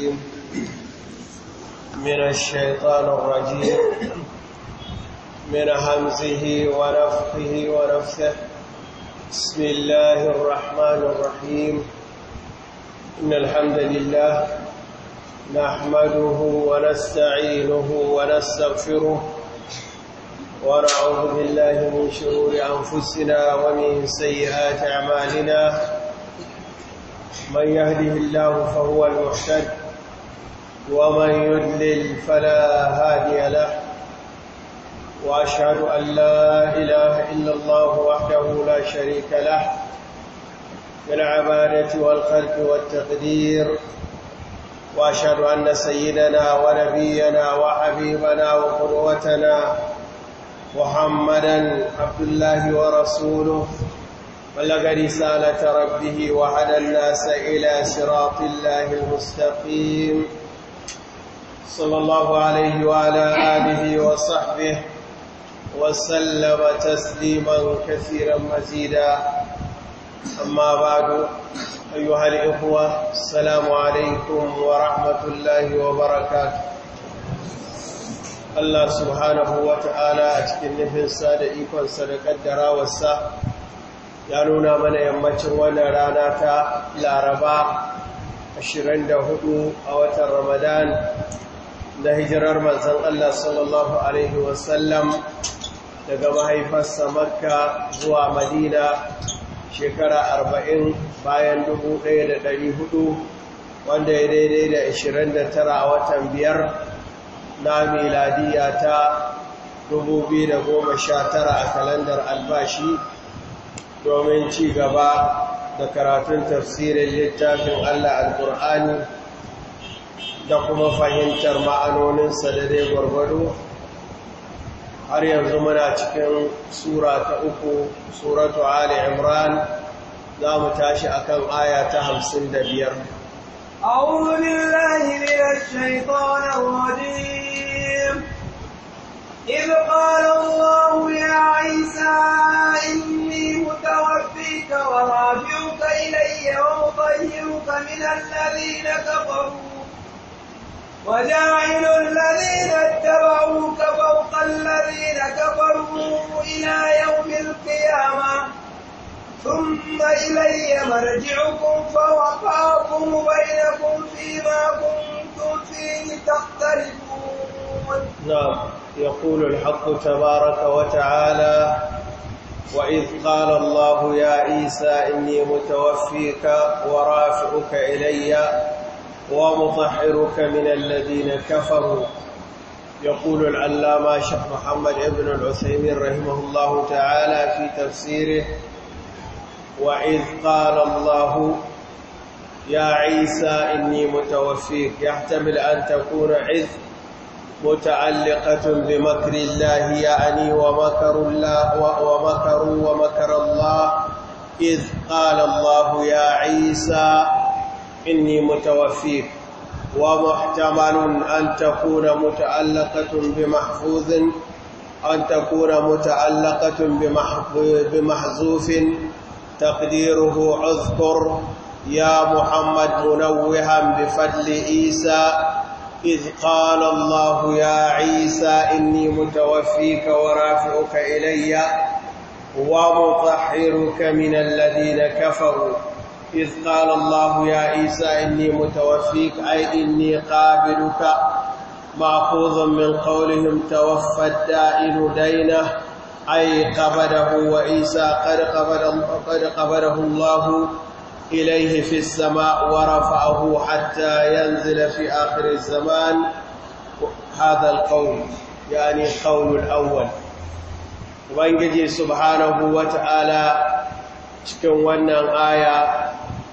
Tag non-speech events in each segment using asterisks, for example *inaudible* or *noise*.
الرجيم من الشيطان الرجيم من همزه ونفخه ونفثه بسم الله الرحمن الرحيم إن الحمد لله نحمده ونستعينه ونستغفره ونعوذ بالله من شرور أنفسنا ومن سيئات أعمالنا من يهده الله فهو المحتد ومن يدلل فلا هادي له وأشهد أن لا إله إلا الله وحده لا شريك له في العبادة والخلق والتقدير وأشهد أن سيدنا ونبينا وحبيبنا وقدوتنا محمدا عبد الله ورسوله بلغ رسالة ربه وعلى الناس إلى صراط الله المستقيم صلى الله عليه وعلى آله وصحبه وسلم تسليما كثيرا مزيدا أما بعد أيها الإخوة السلام عليكم ورحمة الله وبركاته Allah subhanahu wa ta’ala a cikin nufinsa da ikonsa da ƙaddara ya nuna mana yammacin wannan rana ta laraba 24 a watan Ramadan da hijirar manzan Allah sallallahu Alaihi wasallam daga mahaifarsa makka zuwa madina shekara arba'in bayan dubu ɗaya da ɗari hudu wanda ya daidai da ashirin da tara a watan biyar na miladiya ta dubu biyu da goma sha tara a kalandar albashi domin ci gaba da karatun tafsirin littafin Allah al-Qur'ani da kuma fahimtar ma'anoninsa da dai gwargwado har yanzu muna cikin sura ta uku suratu ali imran za mu tashi akan aya ta hamsin da biyar أعوذ بالله من الشيطان الرجيم إذ قال الله يا عيسى إني متوفيك ورافعك إلي ومطهرك من الذين كفروا وجاعل الذين اتبعوك فوق الذين كفروا إلى يوم القيامة ثم إلي مرجعكم فوقاكم بينكم فيما كنتم فيه تختلفون نعم يقول الحق تبارك وتعالى وإذ قال الله يا عيسى إني متوفيك ورافعك إليّ ومطهرك من الذين كفروا يقول العلامة شيخ محمد ابن العثيمين رحمه الله تعالى في تفسيره وإذ قال الله يا عيسى إني متوفيك يحتمل أن تكون عذ متعلقة بمكر الله يعني ومكر الله ومكروا ومكر الله إذ قال الله يا عيسى inni mutawaffi wa muhtamalun an takuna muta'allaqatun bi mahfuzin an takuna muta'allaqatun bi mahfuzin bi mahzufin taqdiruhu uzkur ya muhammad munawwihan bi fadli isa إذ قال الله يا عيسى ilayya متوفيك ورافعك إلي ومطحرك من الذين كفروا إذ قال الله يا عيسى إني متوفيك أي إني قابلك مأخوذ من قولهم توفى الدائن دينه أي قبله وعيسى قد قبل قد قبله الله إليه في السماء ورفعه حتى ينزل في آخر الزمان هذا القول يعني القول الأول وبنجي سبحانه وتعالى cikin wannan aya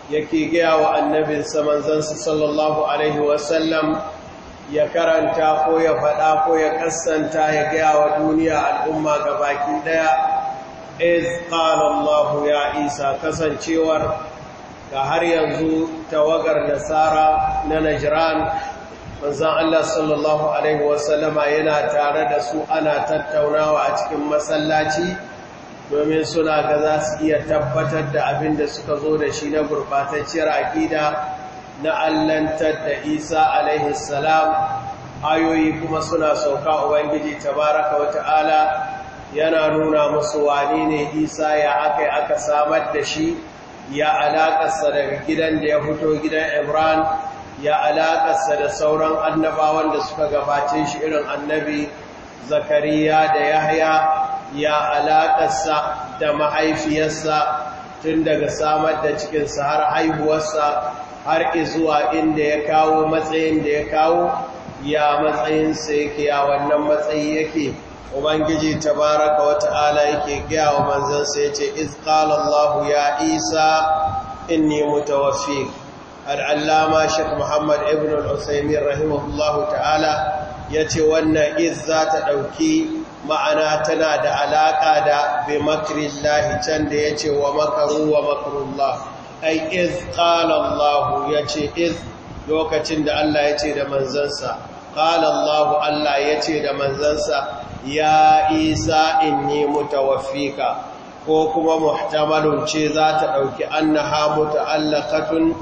yake gaya wa annabinsa manzansa sallallahu alaihi wasallam ya karanta ko ya faɗa ko ya kasanta ya gaya wa duniya al'umma ga baki ɗaya iz ya isa kasancewar ga har yanzu tawagar nasara na najran manzan Allah sallallahu alaihi wasallama yana tare da su ana tattaunawa a cikin masallaci domin suna ga za su iya tabbatar da abin da suka zo da shi na gurbatacciyar aƙida na allantar da isa alaihissalam ayoyi kuma suna sauka ubangiji tabaraka wata'ala yana nuna musu wani ne isa ya aka aka samar da shi ya alaƙarsa daga gidan da ya fito gidan imran ya alaƙarsa da sauran annabawan da suka gabace shi irin annabi zakariya da yahya ya alaƙarsa da mahaifiyarsa tun daga samar da cikinsa har haihuwarsa har izuwa inda ya kawo matsayin da ya kawo ya matsayinsa yake ya wannan matsayi yake ubangiji tabaraka wata'ala yake gaya wa manzansa ya ce, izkalallahu ya isa inni mutawaffik al-allama shek muhammad ibn al rahimahullahu ta'ala ya ce wannan iz za ta ɗauki. ma'ana tana da alaƙa da bi can da ya ce wa makaru wa makarullah ai iz ƙalallahu ya ce iz lokacin da Allah ya ce da manzansa ƙalallahu Allah ya ce da manzansa ya isa inni mutawaffika ko kuma muhtamalun ce za ta ɗauki annaha muta'allaqatun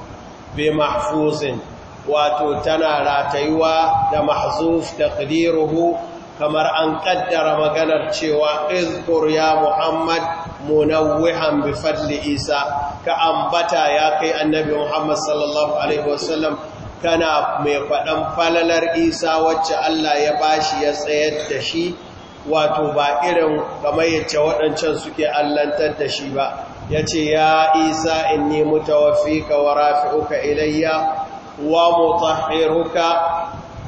bi mahfuzin wato tana ratayuwa da mahzuf taqdiruhu kamar an kaddara maganar cewa izkur ya muhammad munawwihan bi fadli isa ka ambata ya kai annabi muhammad sallallahu alaihi wasallam kana mai faɗan falalar isa wacce allah ya bashi ya tsayar da shi wato ba irin kamar yace waɗancan suke allantar da shi ba yace ya isa inni mutawaffika wa rafi'uka ilayya wa mutahhiruka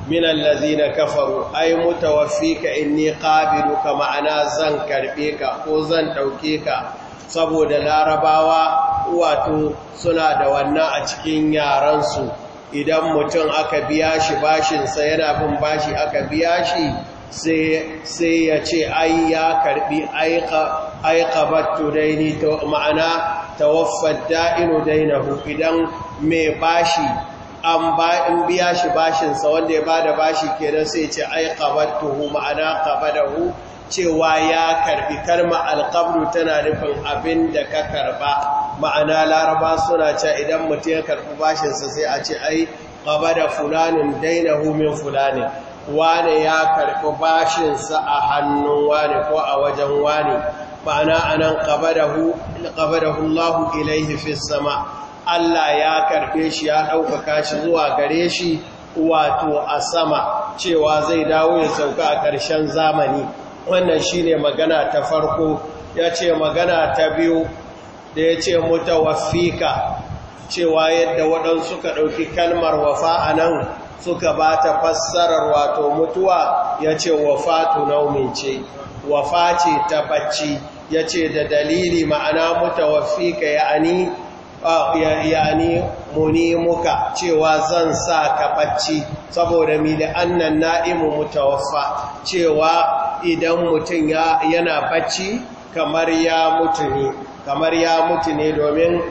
min allazina kafaru ay mutawaffika inni qabiluka ma'ana zan karbe ka ko zan ɗauke ka saboda larabawa wato suna da wannan a cikin yaran su idan mutum aka biya shi bashinsa yana bin bashi aka biya shi sai sai ya ce ai ya karbi ai ai qabattu daini to ma'ana tawaffad da'inu dainahu idan mai bashi an biya shi bashinsa wanda ya ba da bashi kenan sai ce ai qabattuhu ma'ana qabadahu cewa ya karbi karma alqabru tana nufin abin da ka karba ma'ana laraba suna ce idan mutum ya karbi bashinsa sai a ce ai qabada fulanin dainahu min fulanin wane ya karbi bashinsa a hannun wane ko a wajen wane ma'ana anan qabadahu qabadahu Allahu ilayhi fis sama' Allah ya karɓe shi ya ɗaukaka shi zuwa gare shi wato a sama cewa zai dawo ya sauka a ƙarshen zamani wannan shi ne magana ta farko ya ce magana ta biyu da ya ce wafika cewa yadda waɗansu suka ɗauki kalmar wafa a nan suka ba ta fassarar wato mutuwa ya ce wafa naumin ce wafa ce ta bacci ya ce da dalili ma'ana mutawaffika ya ani yani muka cewa zan sa ka bacci saboda mi da annan na'imu mutawaffa cewa idan mutum yana bacci kamar ya mutu ne kamar ya mutu ne domin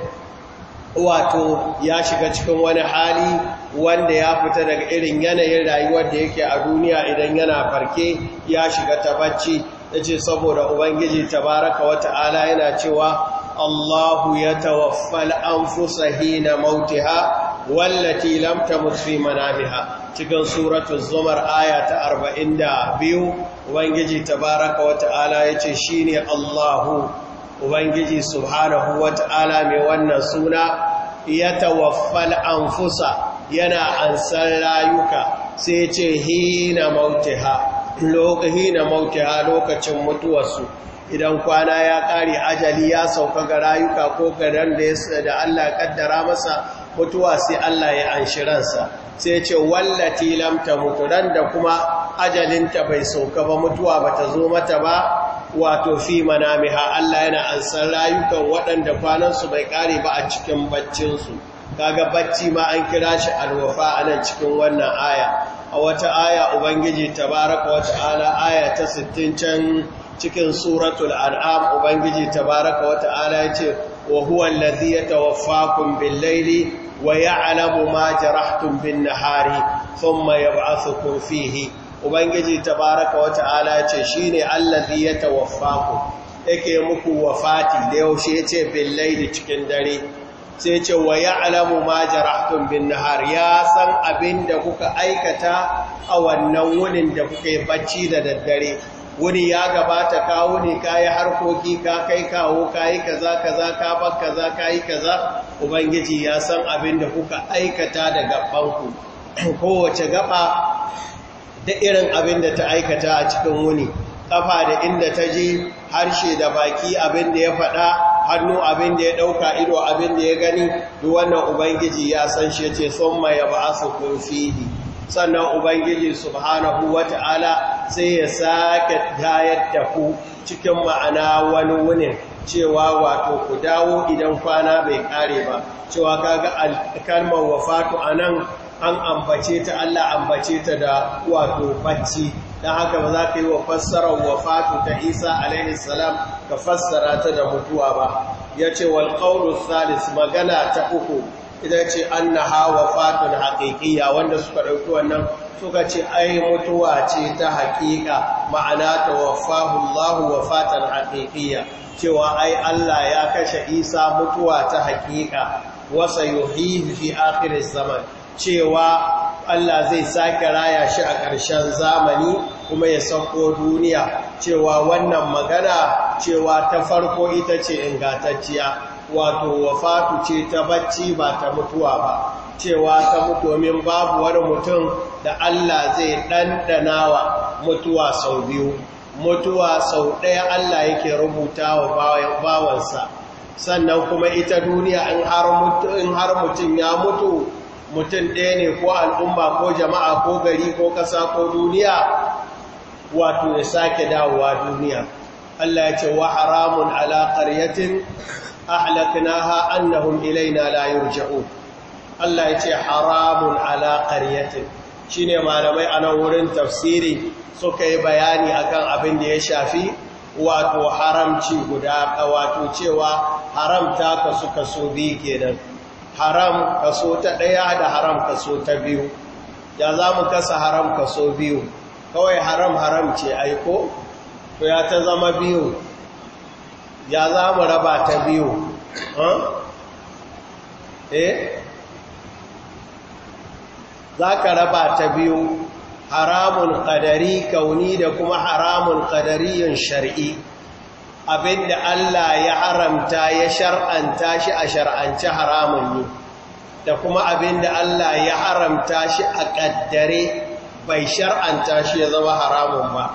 wato ya shiga cikin wani hali wanda ya fita daga irin yanayin rayuwar da yake a duniya idan yana farke ya shiga ta bacci yace saboda ubangiji tabaraka wata'ala yana cewa الله يتوفى الأنفس حين Hina والتي لم lamta في منامها cikin suratul zumar aya ta biyu, ubangiji tabaraka wata'ala yace shine Allahu ubangiji subhanahu wata'ala mai wannan suna ya yatawaffal anfusa yana ansan rayuka sai ce hina mautiha lokacin mutuwarsu idan kwana ya ƙare ajali ya sauka ga rayuka ko garan da da Allah kaddara masa mutuwa sai Allah ya anshi ransa sai ce wallati lam mutu ran da kuma ajalinta bai sauka ba mutuwa ba ta zo mata ba wato fi manamiha Allah yana ansan rayukan waɗanda kwanansu bai ƙare ba a cikin baccinsu kaga bacci ma an kira shi alwafa a nan cikin wannan aya a wata aya ubangiji tabaraka wa ta'ala aya ta 60 can cikin suratul an'am ubangiji tabaraka wa ta'ala yace wa huwa allazi yatawaffakum bil layli wa ya'lamu ma jarahtum bin nahari thumma yab'athukum fihi ubangiji tabaraka wa ta'ala yace shine allazi yatawaffakum yake muku wafati da yaushe yace bil cikin dare sai ce wa alamu ma jarahtun bin nahar ya san abin da kuka aikata a wannan wunin da kuka yi bacci da daddare wuni ya gabata ka wuni ka yi harkoki ka kai kawo ka yi kaza kaza ka bar kaza ka yi kaza ubangiji ya san abin da kuka aikata da gabanku *clears throat* kowace gaba da irin abin da ta aikata a cikin wuni kafa da inda ta ji harshe da baki abin da ya faɗa hannu abin da ya ɗauka ido abin da ya gani duk wannan ubangiji ya san shi ce son mai ya ba su kunfihi sannan ubangiji subhanahu wata'ala sai ya sake tayar da ku cikin ma'ana wani wunin cewa wato ku dawo idan kwana bai kare ba cewa kaga alkalmar wafatu anan an ambace ta Allah ambace ta da wato bacci don haka ba za ka yi wa fassarar wafatu ta isa alaihi salam ka fassara ta da mutuwa ba ya ce walƙaunin salis magana ta uku Idan ce an na hawa fatun haƙiƙiya wanda suka ɗauki wannan suka ce ai mutuwa ce ta haƙiƙa ma'ana ta wafahullahu wa fatan haƙiƙiya cewa ai Allah ya kashe isa mutuwa ta haƙiƙa wasa Yuhi fi akirin zaman cewa Allah zai sake raya shi a ƙarshen zamani kuma ya sauko duniya cewa wannan magana cewa ta farko ita ce ingantacciya wato wafatu ce ta bacci ba ta mutuwa ba cewa ta babu wani mutum da Allah zai ɗanɗanawa mutuwa sau biyu mutuwa sau ɗaya Allah yake rubuta wa bawansa sannan kuma ita duniya in har mutum ya mutu mutum ɗaya ne ko al'umma ko jama'a ko gari ko ƙasa ko duniya wato ya sake dawowa duniya Allah ya ce wa haramun ala qaryatin ahlaknaha ilai ilaina la yurja'un Allah ya ce haramun yatin Shi ne malamai a anan wurin tafsiri suka yi bayani akan abin da ya shafi wato haramci guda wato cewa haramta ka suka so biyu kenan haram kaso ta ɗaya da haram kaso ta biyu ya za mu kasa haram kaso biyu kawai haram haram ce aiko to ya ta zama biyu ya za mu raba ta biyu eh za ka raba ta biyu haramun ƙadari kauni da kuma haramun ƙadariyin shari'i abin da Allah ya haramta ya shar'anta shi a shar'anci haramun yi, da kuma abin da Allah ya haramta shi a ƙaddare bai shar'anta shi ya zama haramun ba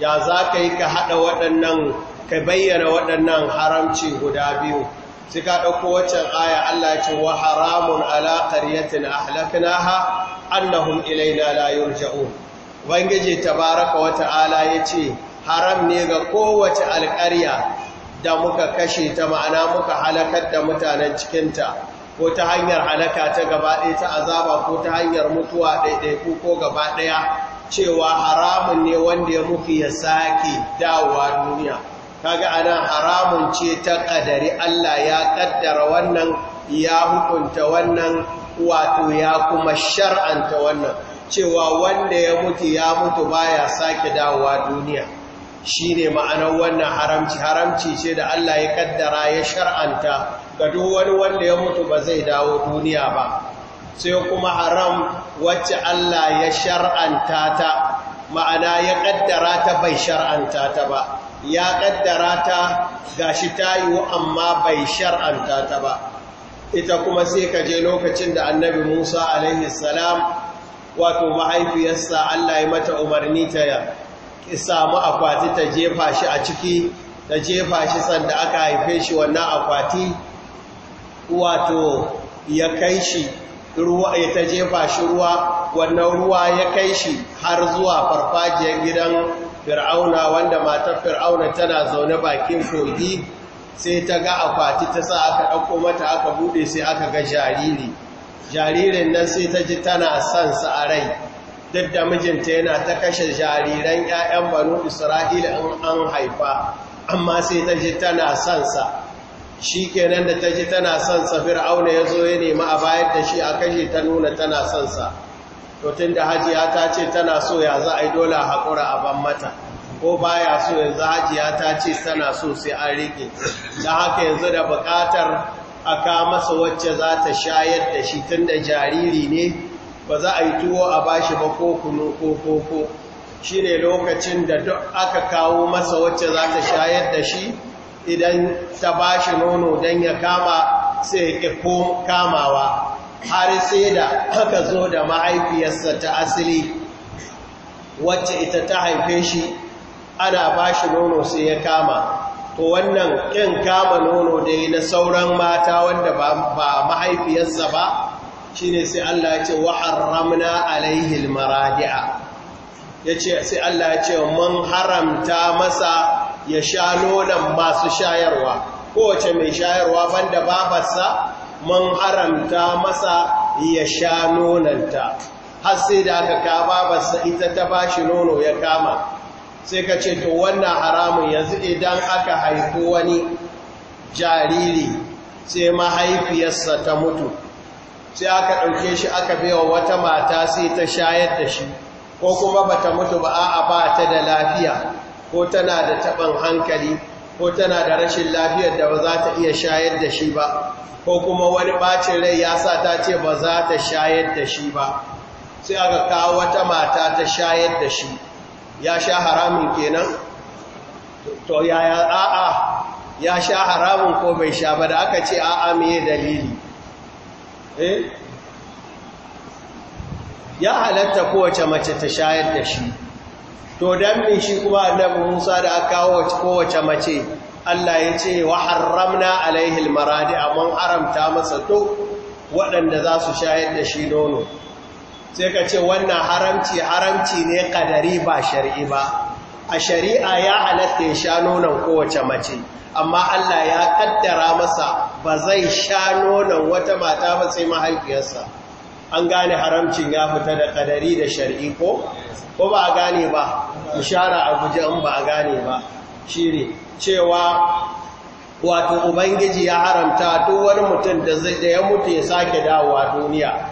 ya za ka yi ka haɗa waɗannan ka bayyana waɗannan haramci guda biyu sika ka ɗauko waccan aya Allah ce wa haramun ala ƙaryatin ahlaknaha annahum ilaina bangiji ta ubangiji tabaraka ala ya ce. haram ne ga kowace alƙarya da muka kashe ta ma'ana muka halakar da mutanen cikinta ko ta hanyar halaka ta gaba ɗaya ta azaba ko ta hanyar mutuwa ɗaiɗaiku ko gaba ɗaya cewa haramun ne wanda ya mutu ya sake dawowa duniya kaga ana haramun ce ta ƙadari Allah ya ƙaddara wannan ya hukunta wannan wato ya kuma shar'anta wannan cewa wanda ya mutu ya mutu baya sake dawowa duniya shi ne ma'anar wannan haramci haramci ce da Allah ya kaddara ya shar'anta ga duk wani wanda ya mutu ba zai dawo duniya ba sai kuma haram wacce Allah ya shar'anta ta ma'ana ya kaddara ta bai shar'anta ta ba ya kaddara ta ga shi ta yiwu amma bai shar'anta ta ba ita kuma sai ka je lokacin da annabi Musa alaihi salam wato mahaifiyarsa Allah ya mata umarni ta samu akwati ta jefa shi a ciki ta jefa shi sanda aka haife shi wannan akwati wato ya kai shi ruwa ya ta jefa shi ruwa wannan ruwa ya kai shi har zuwa farfajiyar gidan fir'auna wanda matar fir'auna tana zaune bakin kogi sai ta ga akwati ta sa aka ɗauko mata aka buɗe sai aka ga jariri jaririn nan sai ta ji tana son sa a rai duk da mijinta yana ta kashe jariran 'ya'yan banu isra'ila in an haifa amma sai ta ji tana sansa shi kenan da ta ji tana sansa fir'auna ya zo ya nemi a bayar da shi a kashe ta nuna tana sansa to da hajiya ta ce tana so ya za a yi dole haƙura a ban mata ko baya so yanzu hajiya ta ce tana so sai an rike da haka yanzu da buƙatar a kama masa wacce za ta shayar da shi tun da jariri ne ba za a yi tuwo a bashi ba ko kunu ko koko shi ne lokacin da duk aka kawo masa wacce za ta shayar da shi idan ta bashi nono don ya kama sai ya ko kamawa har sai da aka zo da mahaifiyarsa ta asili wacce ita ta haife shi ana bashi nono sai ya kama to wannan ƙin kama nono dai na sauran mata wanda ba mahaifiyarsa ba ne sai Allah ya ce wa'ar wa harramna maradi’a ya yace sai Allah ya ce mun haramta masa ya sha nonon masu shayarwa kowace mai shayarwa ban da babarsa mun haramta masa ya sha nononta har sai da aka ka babarsa ita ta bashi nono ya kama sai ka ce to wannan haramun yanzu idan aka haifi wani jariri sai mahaifiyarsa ta mutu sai aka ɗauke shi aka bewa wata mata sai ta shayar da shi ko kuma ba ta mutu ba a'a ba ta da lafiya ko tana da taɓin hankali ko tana da rashin lafiyar da ba za ta iya shayar da shi ba ko kuma wani ɓacin rai ya sa ta ce ba za ta shayar da shi ba sai aka kawo wata mata ta shayar da shi ya sha haramun kenan to yaya a'a ya sha haramun ko bai sha ba da aka ce a'a me dalili Eh? ya halatta kowace mace ta shayar da shi to don me shi kuma annabi Musa da aka kawo kowace mace Allah ya ce wa harramna alaihi almaradi amman haramta masa to waɗanda za su shayar da shi nono sai ka ce wannan haramci haramci ne kadari ba shari'i ba a shari'a ya halatta ya sha nonon kowace mace amma Allah ya kaddara masa ba zai sha nonon wata mata ba sai mahaifiyarsa an gane haramcin ya fita da kadari da shari'i ko ko ba a gane ba ishara a guje in ba a gane ba shine cewa wato ubangiji ya haramta duk wani mutum da zai da ya mutu ya sake dawowa duniya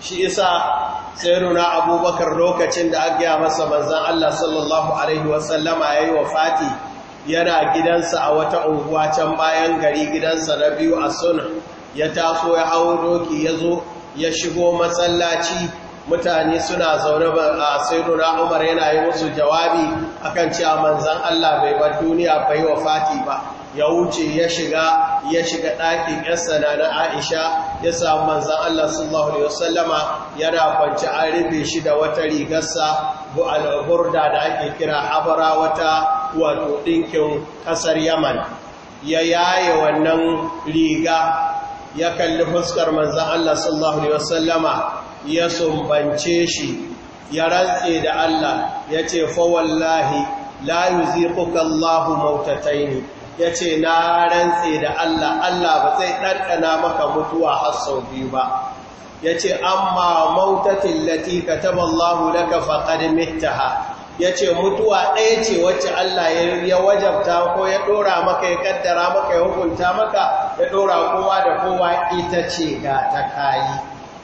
shi isa nuna abubakar lokacin da aka gaya masa manzon Allah sallallahu alaihi wasallama wa Fati yana gidansa a wata unguwa can bayan gari gidansa na biyu a suna. ya taso ya hau doki ya zo ya shigo masallaci mutane suna zaune ba. a nuna umar yana yi musu jawabi akan cewa manzon Allah bai bar duniya bai wa Fati ba ya wuce ya shiga ya shiga ɗakin yarsa na aisha ya samu manzan Allah sallallahu Alaihi wasallama yana kwanci an rufe shi da wata rigarsa bu al'urda da ake kira habara wata wato ɗinkin ƙasar yaman ya yaye wannan riga ya kalli fuskar manzan Allah sallallahu Alaihi wasallama ya sumbance shi ya rantse da Allah ya ce fawallahi la yuziquka Allahu mautataini ya ce na rantse da Allah Allah ba zai ɗanɗana maka mutuwa har sau biyu ba ya ce amma mautatin lati ka taba Allah laka mita ha, ya ce mutuwa ɗaya ce wacce Allah ya wajabta ko ya ɗora maka ya ƙaddara maka ya hukunta maka ya ɗora kowa da kowa ita ce ga ta kayi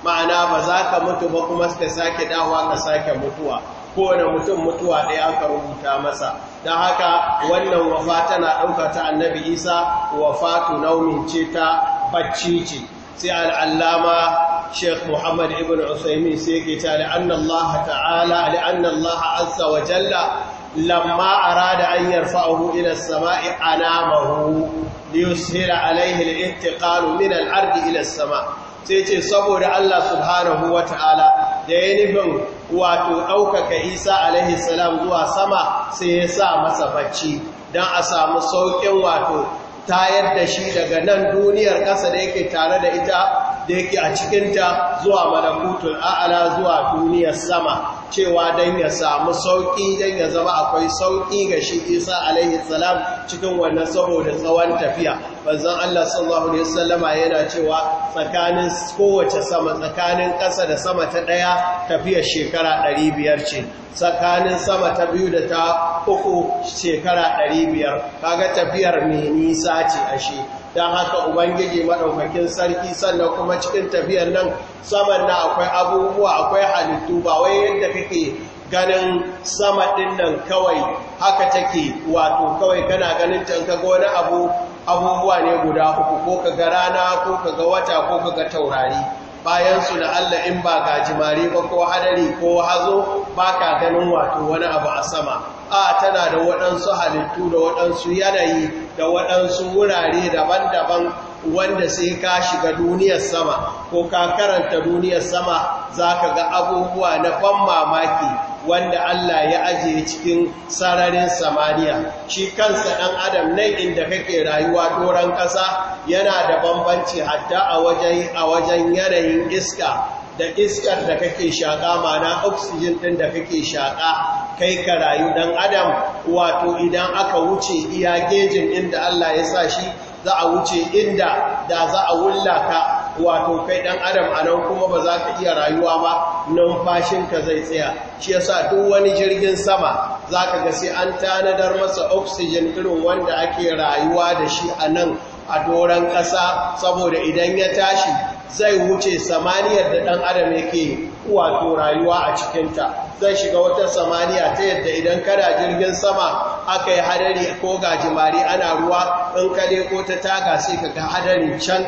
ma'ana ba za ka mutu ba kuma ka sake dawa ka sake mutuwa kowane mutum mutuwa ɗaya aka rubuta masa don haka wannan wafa tana ɗauka ta annabi isa wafatu naumin ce ta bacci ce sai al'allama Sheikh Muhammad ibn Usaimin sai ke ta li'anna Allah ta'ala li'anna Allah azza wa jalla lamma arada an yarfa'ahu ila as-sama'i anamahu liyushira alaihi al-intiqalu min al-ardi ila as-sama' sai ce saboda Allah subhanahu wa ta'ala da ya nufin wato ɗaukaka isa alaihi zuwa sama sai ya sa masa bacci don a samu sauƙin wato tayar da shi daga nan duniyar ƙasa da yake tare da ita da yake a cikinta zuwa malakutul a'ala zuwa duniyar sama cewa don ya samu sauƙi don ya zama akwai sauƙi ga shi isa alaihi salam cikin wannan saboda tsawon tafiya banzan Allah sallallahu alaihi wasallama yana cewa tsakanin kowace sama tsakanin ƙasa da sama ta ɗaya tafiya shekara 500 ce tsakanin sama ta biyu da ta uku shekara 500 kaga tafiyar mai nisa ce ashe Idan haka ubangiji maɗaukakin sarki sannan kuma cikin tafiyar nan saman na akwai abubuwa akwai halittu ba wai yadda kake ganin sama ɗin nan kawai haka take wato kawai kana ganin tanka wani abu abubuwa ne guda uku ko kaga rana ko kaga wata ko kaga taurari Bayan su bayansu Allah in ba gajimare ba ko hadari ko hazo ba ka ganin wato wani abu a sama a tana da waɗansu halittu da waɗansu yanayi da waɗansu wurare daban-daban wanda sai ka shiga duniyar sama ko ka karanta duniyar sama za ka ga abubuwa na ban mamaki wanda Allah ya ajiye cikin sararin samaniya shi kansa ɗan adam nan inda kake rayuwa doron ƙasa yana da bambanci hatta a wajen a wajen yanayin iska da iskar da kake shaƙa mana oxygen ɗin da kake shaƙa kai ka rayu ɗan adam wato idan aka wuce iya gejin inda Allah ya sa shi za a wuce inda da za a wullaka wato kai ɗan adam a nan kuma ba za ka iya rayuwa ba ka zai tsaya shi yasa duk wani jirgin sama za ka ga sai an tanadar masa oxygen irin wanda ake rayuwa da shi a nan a doron ƙasa saboda idan ya tashi zai wuce samaniyar da ɗan adam yake wato rayuwa a cikinta zai shiga wata samaniya ta yadda idan kada jirgin sama aka yi hadari ko gajimari ana ruwa in ka ko ta taga sai ka ga hadari can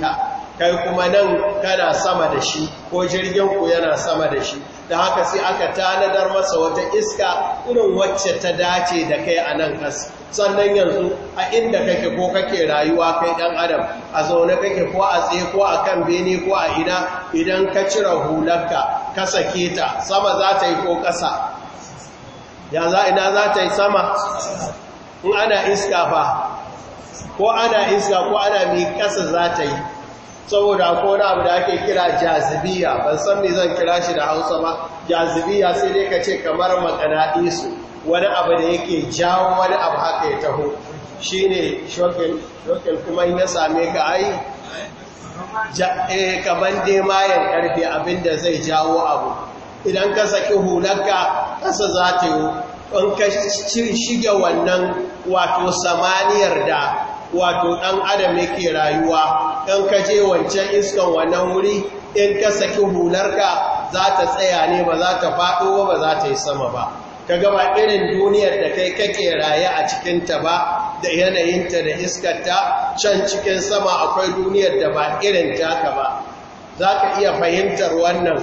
ka kai kuma nan kana sama da shi ko jirgin ku yana sama da shi da haka sai aka tanadar masa wata iska irin wacce ta dace da kai a nan ƙasa sannan yanzu a inda kake ko kake rayuwa kai ɗan adam a zaune kake ko a tsaye ko a kan bene ko a ina idan ka cire hularka ka sake ta sama za ta yi ko ƙasa ya za ina za ta yi sama in ana iska fa ko ana iska ko ana mai ƙasa za ta yi saboda ko na abu da ake kira jazibiya ban san me zan kira shi da hausa ba jazibiya sai dai ka ce kamar makanaɗi su wani abu da yake jawo wani abu haka ya taho shi ne shokin kuma ya same ka ai eh, kaman dai mayan karfe abinda zai jawo abu idan ka saki hularka kasa za ta yi in ka shiga wannan wato samaniyar da wato ɗan adam yake rayuwa in ka je wancan iskan wannan wuri in ka saki hularka za ta tsaya ne ba za ta faɗo ba za ta yi sama ba ka gaba irin duniyar da kai kake raye a cikinta ba da yanayinta da iskarta can cikin sama akwai duniyar da ba irin taka ba za ka iya fahimtar wannan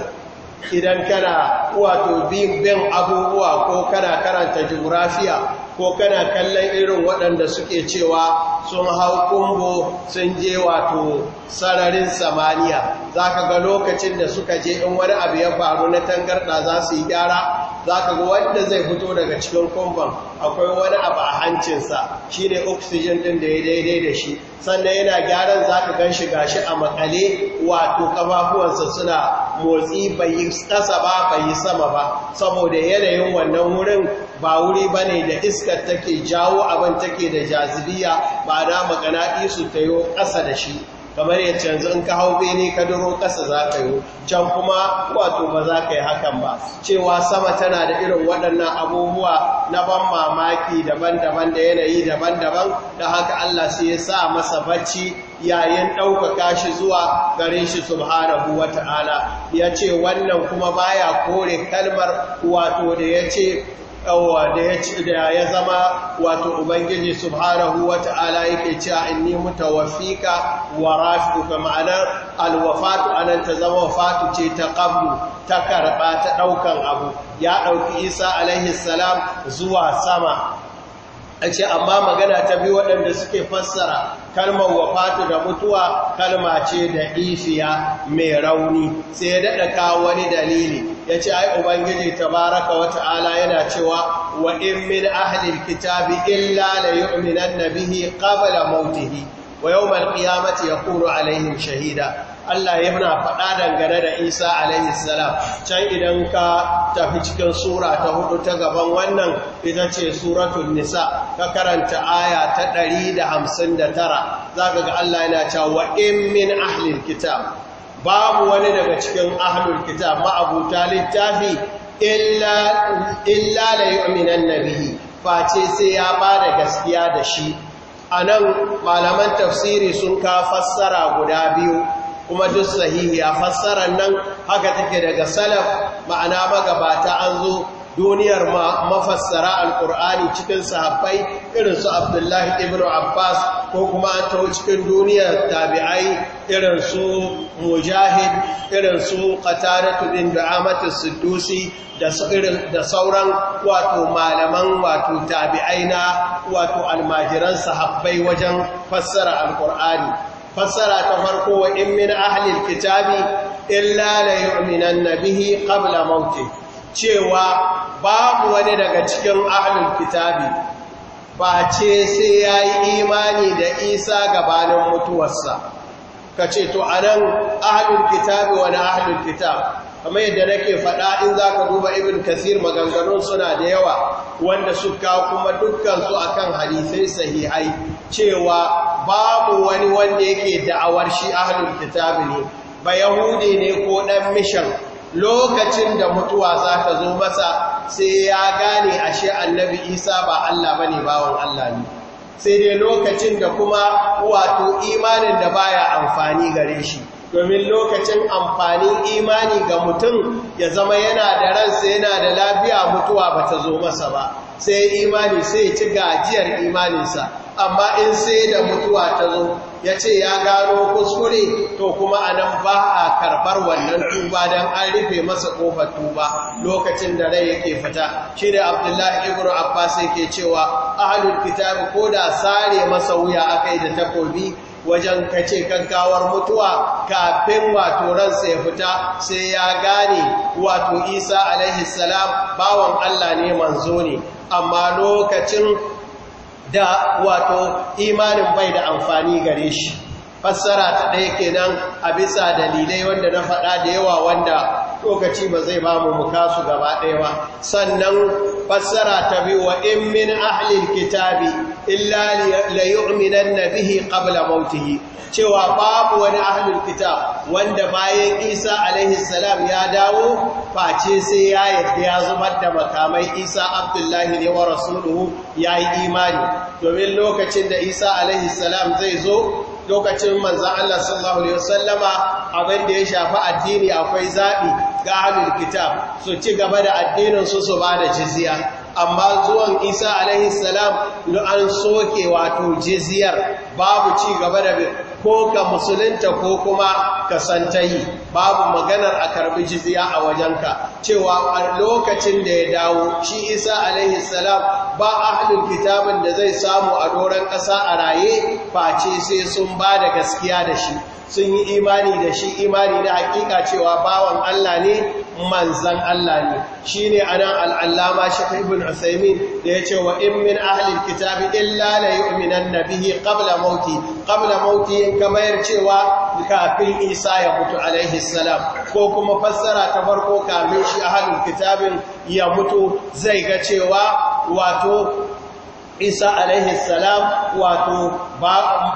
idan kana wato bin abubuwa ko kana karanta jimurafiya ko kana kallon irin waɗanda suke cewa sun hau kumbo sun je wato sararin samaniya za ka ga lokacin da suka je in wani abu ya faru na tangarɗa za su yi gyara za ka ga wanda zai fito daga cikin kumban akwai wani abu a hancinsa shi ne oxygen ɗin da ya daidai da shi sannan yana gyaran za ka gan shi gashi a makale wato kafafuwansa suna motsi bai yi ƙasa ba bai yi sama ba saboda yanayin wannan wurin ba wuri ba ne da iskar take jawo abin take da jazibiya ba da magana isu ta yi ƙasa da shi kamar ya canzu in ka hau bene ka duro ƙasa za ka yi can kuma wato ba za ka yi hakan ba cewa sama tana da irin waɗannan abubuwa na ban mamaki daban-daban da yanayi daban-daban da haka Allah sai ya sa masa bacci yayin ɗaukaka shi zuwa garin shi subhanahu Ta'ala, ya ce wannan kuma baya kore kalmar wato da ya ce kawwa da ya ce da ya zama wato ubangiji subhanahu wata'ala yake cewa inni mutawaffika wa rafiquka ma'ana alwafatu anan ta zama wafatu ce ta qablu ta karba ta daukan abu ya dauki Isa alaihi salam zuwa sama a ce amma magana ta bi waɗanda suke fassara kalmar wafatu da mutuwa kalma ce da ifiya mai rauni sai ya daɗa kawo wani dalili ya ce ai ubangiji ta tabaraka wata'ala yana cewa wa in min ahlil kitabi illa la yu'minanna bihi qabla mautihi wa yawmal ya yakunu alaihim shahida Allah ya yana faɗa dangane da Isa alaihi salam can idan ka tafi cikin sura ta hudu ta gaban wannan ita ce suratun nisa ka karanta aya ta ɗari da da 159 zaka ga Allah yana cewa in min ahlil kitab babu wani daga cikin ahlul kitab ma'abuta littafi illa illa la yu'minan nabihi face sai ya ba da gaskiya da shi a nan malaman tafsiri sun ka fassara guda biyu kuma duk sahihi a fassarar nan haka take daga salaf ma'ana magabata an zo duniyar mafassara alkur'ani cikin sahabbai irin su abdullahi ibn abbas ko kuma an taho cikin duniyar tabi'ai irin su mujahid irin su qataratu bin du'amatu siddusi da da sauran wato malaman wato tabi'aina wato almajiran sahabbai wajen fassara alkur'ani fassara ta farko wa in min ahlil kitabi illa la yu'minanna bihi qabla mauti cewa babu wani daga cikin ahlul kitabi ba ce sai yayi imani da Isa gabanin mutuwarsa kace to anan ahlul kitabi wa na ahlul kitab kamar yadda nake faɗa in za ka duba ibn kasir maganganun suna da yawa wanda suka kuma dukkansu akan hadisai sahihai cewa babu wani wanda yake da'awar shi ahlul kitab ne ba yahudi ne ko ɗan mishan lokacin da mutuwa za ta zo masa sai ya gane ashe annabi isa ba allah bane bawan allah ne sai dai lokacin da kuma wato imanin da baya amfani gare shi domin lokacin amfanin imani ga mutum ya zama yana da ransa yana da lafiya mutuwa ba ta zo masa ba sai imani sai ci gajiyar imaninsa amma in sai da mutuwa ta zo ya ce ya gano kuskure to kuma a nan ba a karɓar wannan tuba don an rufe masa ƙofar tuba lokacin da rai yake fita shi da abdullahi ibrahim abbas yake cewa ahlul kitabi ko da sare masa wuya akai da takobi wajen kace gaggawar mutuwa kafin wato ransa ya fita sai ya gane wato isa alaihi salam bawan allah ne manzo ne amma lokacin da wato imanin bai da amfani gare shi fassara ta ɗaya kenan a bisa dalilai wanda na faɗa da yawa wanda lokaci ba zai ba mu kasu gaba ɗaya ba sannan fassara ta bi wa in min ahlil kitabi illa la yu'minanna bihi qabla mautihi cewa babu wani ahlin kitab wanda bayan Isa alaihi salam ya dawo face sai ya yadda ya zubar da makamai Isa Abdullahi ne wa rasuluhu yayi imani domin lokacin da Isa alaihi salam zai zo lokacin manzan Allah sallallahu Alaihi wasallama abinda ya shafi addini akwai zaɓi ga halin kitab su ci gaba da addininsu su ba da jiziya amma zuwan isa alaihi salam an soke wato jiziyar babu ci gaba da ko ka musulunta ko kuma ka santayi babu maganar a karbi jiziya a wajenka cewa a lokacin da ya dawo shi isa alaihi salam ba ahlul kitabin da zai samu a doron ƙasa a raye face sai sun ba da gaskiya da shi sun yi imani da shi imani na hakika cewa bawan Allah ne manzan Allah ne shi ne a nan al'allama shafi ibn da ya ce wa in min ahlul kitabi illa la na bihi qabla mauti qabla mauti kamar cewa kafin isa ya mutu alaihi salam ko kuma fassara ta farko kafin shi ahalin kitabin ya mutu zai ga cewa wato isa alaihi salam wato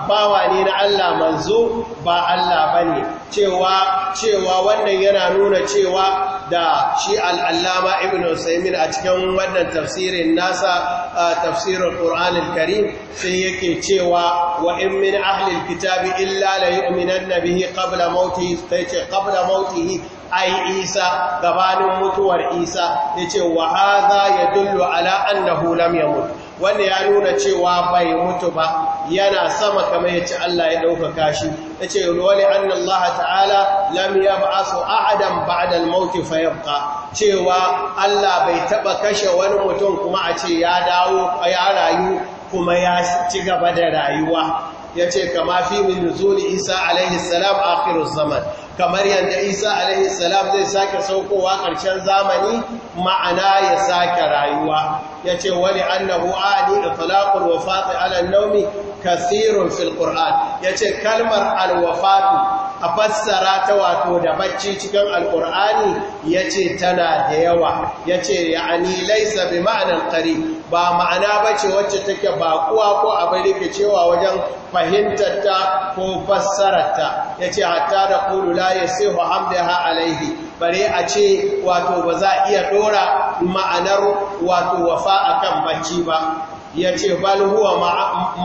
bawa ne na Allah manzo ba Allah bane cewa cewa wannan yana nuna cewa da shi al'allama ibn Usaimin a cikin wannan tafsirin nasa tafsirin Qur'an al-Karim sai yake cewa wa in min ahlil kitabi illa la yu'minan nabihi qabla mautihi sai ce qabla mautihi ai isa gabanin mutuwar isa ya ce wa haza ya dullu ala annahu lam yamut wanda ya nuna cewa bai mutu ba yana sama kamar yace Allah ya ɗaukaka shi yace wali annallaha ta'ala lam yab'asu ahadan ba'da al-maut fa cewa Allah bai taba kashe wani mutum kuma a ce ya dawo ya rayu kuma ya ci gaba da rayuwa yace kama fi min nuzuli Isa alaihi salam akhiruz zaman kamar yadda isa alaihissalam zai sake saukowa ƙarshen zamani ma'ana ya sake rayuwa ya ce wani annahu ani itlaqul wafati ala naumi kasirun fil qur'an ya ce kalmar alwafatu a fassara ta wato da bacci cikin alkur'ani ya ce tana da yawa ya ce ya'ani laisa bi ma'anar qarib ba ma'ana ba ce wacce take ba baƙuwa ko abin cewa wajen fahimtarta ko fassararta ya ce hatta da kulu ya sai hamdaha alaihi bare a ce wato ba za a iya ɗora ma'anar wato wafa a kan bacci ba ya ce balhuwa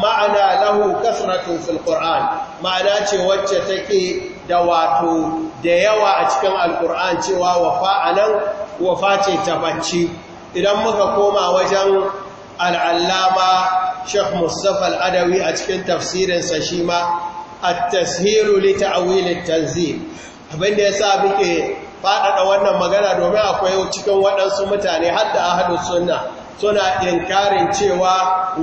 ma'ana lahu kasratun fil ma'ana ce wacce take da wato da yawa a cikin alƙur'an cewa wafa a wafa ce ta bacci idan muka koma wajen al'allama Sheikh Mustapha al'adawi a cikin tafsirinsa shi ma a tashiru lita a wilin tanzil abinda ya sa muke faɗaɗa wannan magana domin akwai cikin waɗansu mutane har da ahadu sunna suna inkarin cewa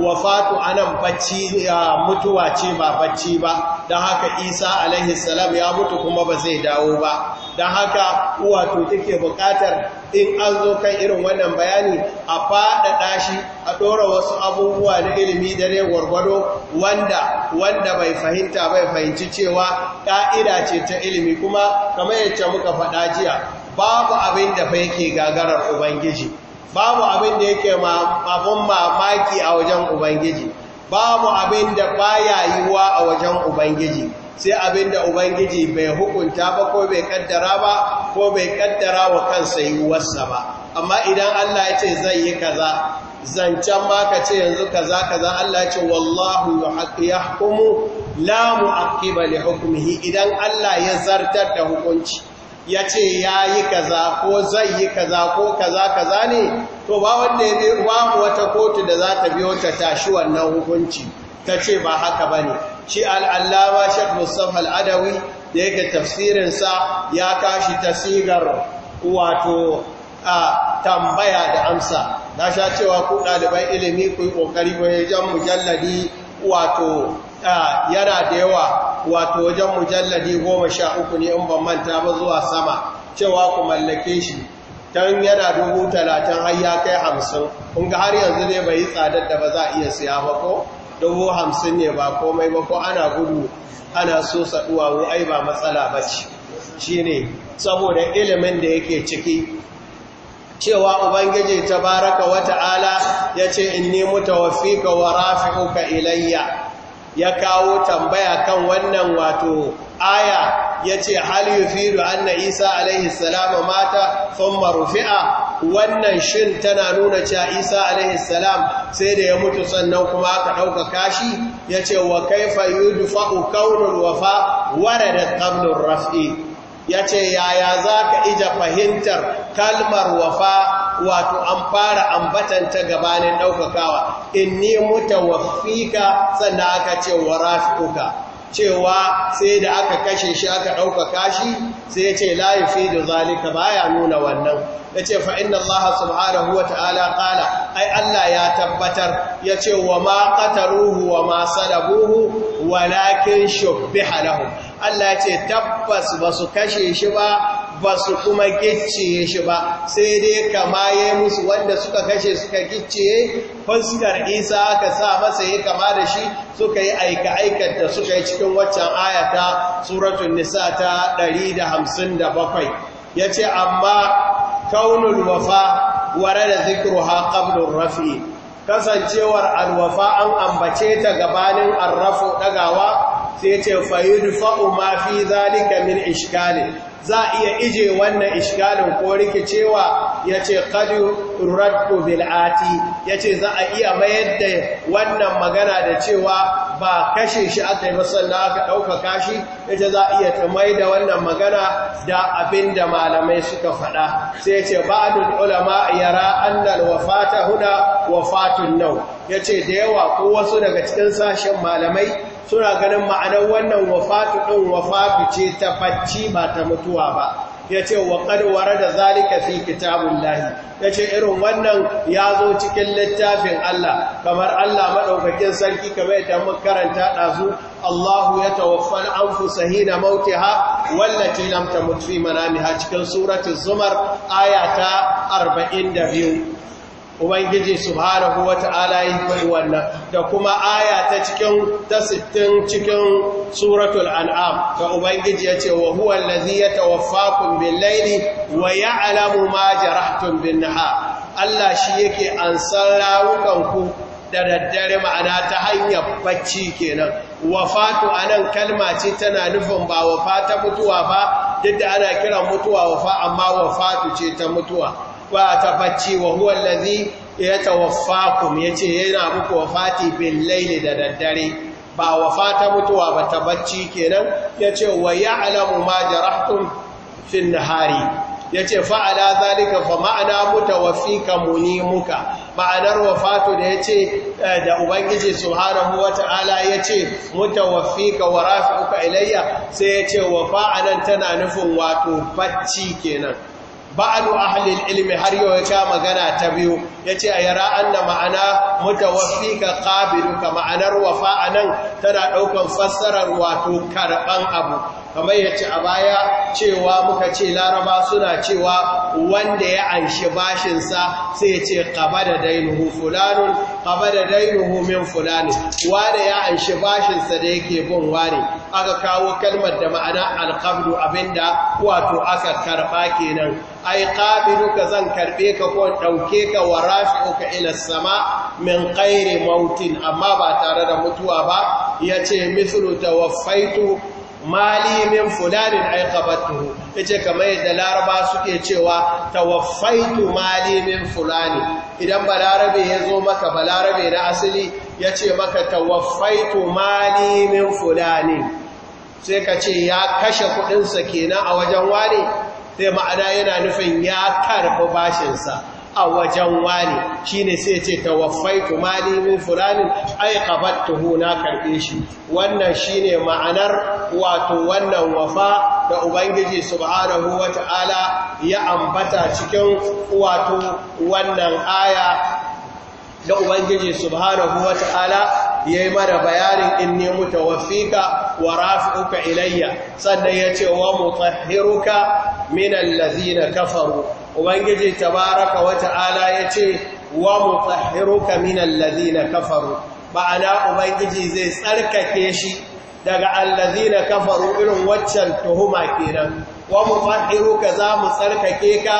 wafatu nan bacci ya mutuwa ce ba bacci ba don haka isa alaihi ya mutu kuma ba zai dawo ba don haka wato take bukatar in an zo kan irin wannan bayani a faɗaɗa shi a ɗora wasu abubuwa na ilimi da ne gwargwado wanda wanda bai fahimta bai fahimci cewa ƙa'ida ce ta ilimi kuma kamar yadda muka faɗa jiya babu abin da fa yake gagarar ubangiji babu abin da yake abin mamaki a wajen ubangiji babu abin da baya yiwuwa a wajen ubangiji sai abin da ubangiji bai hukunta ba ko bai kaddara ba ko bai kaddara wa kansa yiwuwarsa ba amma idan Allah ya ce zai yi kaza zancen ma ka ce yanzu kaza kaza Allah ya ce wallahu yahkumu la mu'aqqiba li hukmihi idan Allah ya zartar da hukunci ya ce ya yi kaza ko zai yi kaza ko kaza kaza ne to ba wanda ya babu wata kotu da za ta biyo ta tashi wannan hukunci ta ce ba haka ba ne shi al'allama shek musamman al'adawi da yake tafsirinsa ya kashi sigar wato a tambaya da amsa na sha cewa ku ɗaliban ilimi ku yi ƙoƙari ko ya mujalladi wato yana da yawa wato wajen mujalladi goma sha uku ne in ban manta ba zuwa sama cewa ku mallake shi don yana dubu talatin har kai hamsin kun ga har yanzu ne bai yi tsadar da ba za a iya siya ba ko dubu hamsin ne ba komai ba ko ana gudu ana so saduwa ai ba matsala ba ce shi ne saboda ilimin da yake ciki cewa ubangiji tabaraka wata'ala ya ce in ni mutawaffika wa rafi'uka ilayya ya kawo tambaya kan wannan wato aya ya ce hal yufiru anna isa alaihi salama mata thumma marufi'a wannan shin tana nuna cewa isa alaihi salam sai da ya mutu sannan kuma aka dauka kashi Ya ce wa kaifa yudfa'u kaunin wafa da qabla raf'i ya ce yaya za ka ija fahimtar kalmar wafa wato an fara ambatanta gabanin ɗaukakawa in ni muta wafika sannan aka ce wa rafi'uka cewa sai da aka kashe shi aka ɗaukaka shi sai ce layi fi da zalika ba ya nuna wannan ya ce fa'in Allah subhanahu wa ta'ala ƙala ai Allah ya tabbatar ya ce wa ma ƙataruhu wa ma sadabuhu walakin shubbi halahu Allah ce tabbas ba su kashe shi ba ba su kuma gicciye shi ba sai dai kama ya musu wanda suka kashe suka gicciye fuskar isa aka sa masa ya kama da shi suka yi aika-aikar da suka yi cikin waccan ayata suratun nisa ta 157 ya ce amma kaunul wafa ware da zikiru ha rafi kasancewar alwafa an ambace ta gabanin arrafu ɗagawa sai ce fayudfa'u ma fi zalika min ishkali za a iya ije wannan ishkalin ko rikicewa yace kadu yuraddu bilati. ya yace za a iya mayar da wannan magana da cewa ba kashe shi aka yi masalla aka ɗauka kashi ce za a iya tamai da wannan magana da abinda malamai suka faɗa sai ce ba dun ulama yara annal wafata huna wafatun nau yace da yawa ko wasu daga cikin sashen malamai suna ganin ma'anar wannan wafatu ɗin wafatu ce ta bacci ba ta mutuwa ba ya ce wa ƙarware da zalika fi kitabun lahi ya ce irin wannan ya zo cikin littafin Allah kamar Allah maɗaukakin sarki kamar yadda mun makaranta ɗazu Allahu ya tawaffan an fusahi na mautiha wallati lamta tamut fi manamiha cikin suratul zumar aya ta 42 ubangiji subhanahu ta'ala yi kai wannan da kuma aya ta cikin ta sittin cikin suratul an'am ga ubangiji ya ce wa huwa allazi yatawaffakum bin laili wa alamu ma jaratun bin nahar Allah shi yake ansar rawukanku da daddare ma'ana ta hanyar bacci kenan wafatu a nan kalma ce tana nufin ba wafa ta mutuwa ba duk da ana kiran mutuwa wafa amma wafatu ce ta mutuwa ba ta bacci wa huwa allazi yatawaffakum yace yana muku wafati bil laili da daddare ba wafata mutuwa ba ta kenan yace wa ya'lamu ma jarahtum fin nahari yace fa'ala ala zalika fa ma'ana mutawaffika munimuka ma'anar wafatu da yace eh, da ubangiji subhanahu wata'ala yace mutawaffika wa rafi'uka ilayya sai yace wafa tana nufin wato bacci kenan ba'alu ahlil ilimi har yau ya sha magana ta biyu yace ayara anna ma'ana mutawaffika ka ma'anar wafa anan tana ɗaukan fassarar wato karɓan abu kamar yace a baya cewa muka ce laraba suna cewa wanda ya anshi bashin sa sai ya ce qabada dainuhu fulanun qabada dainuhu min fulani wanda ya anshi bashin sa da yake bin ne, aka kawo kalmar da ma'ana alqabdu abinda wato aka karba kenan ai qabiluka zan karbe ka ko dauke ka wa rafi'uka ila sama min kaire mautin amma ba tare da mutuwa ba yace mislu tawaffaitu mali min fulanin ai qabattuhu yace kamar yadda laraba suke cewa tawaffaitu mali min fulani idan balarabe ya zo maka balarabe na asali yace maka tawaffaitu mali min fulani sai ka ce ya kashe kudin kenan a wajen ware sai ma'ana yana nufin ya karbi bashinsa. a wajen wani shine sai ce tawaffaitu mali min fulani. ai qabattuhu na karbe shi wannan shine ma'anar wato wannan wafa da ubangiji subhanahu wa ta'ala ya ambata cikin wato wannan aya da ubangiji subhanahu wa ta'ala ya yi mara bayanin in ne muta wafika wa rafi'uka ilayya sannan ya ce wa mutahhiruka na allazina kafaru ubangiji tabaraka wa ta'ala yace wa mutahhiruka minal ladina kafaru ba'ana ubangiji zai tsarkake shi daga allazina kafaru irin waccan tuhuma kenan wa mutahhiruka za mu tsarkake ka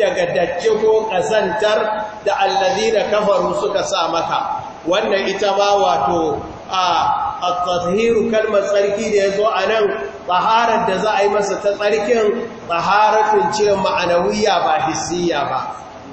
daga dacce ko kasantar da allazina kafaru suka sa maka wannan ita ma wato a at-tahiru kalmar tsarki da ya zo a nan, taharar da za a yi masa ta tsarkin taharatun ce ma'anawiyya ba hissiyya ba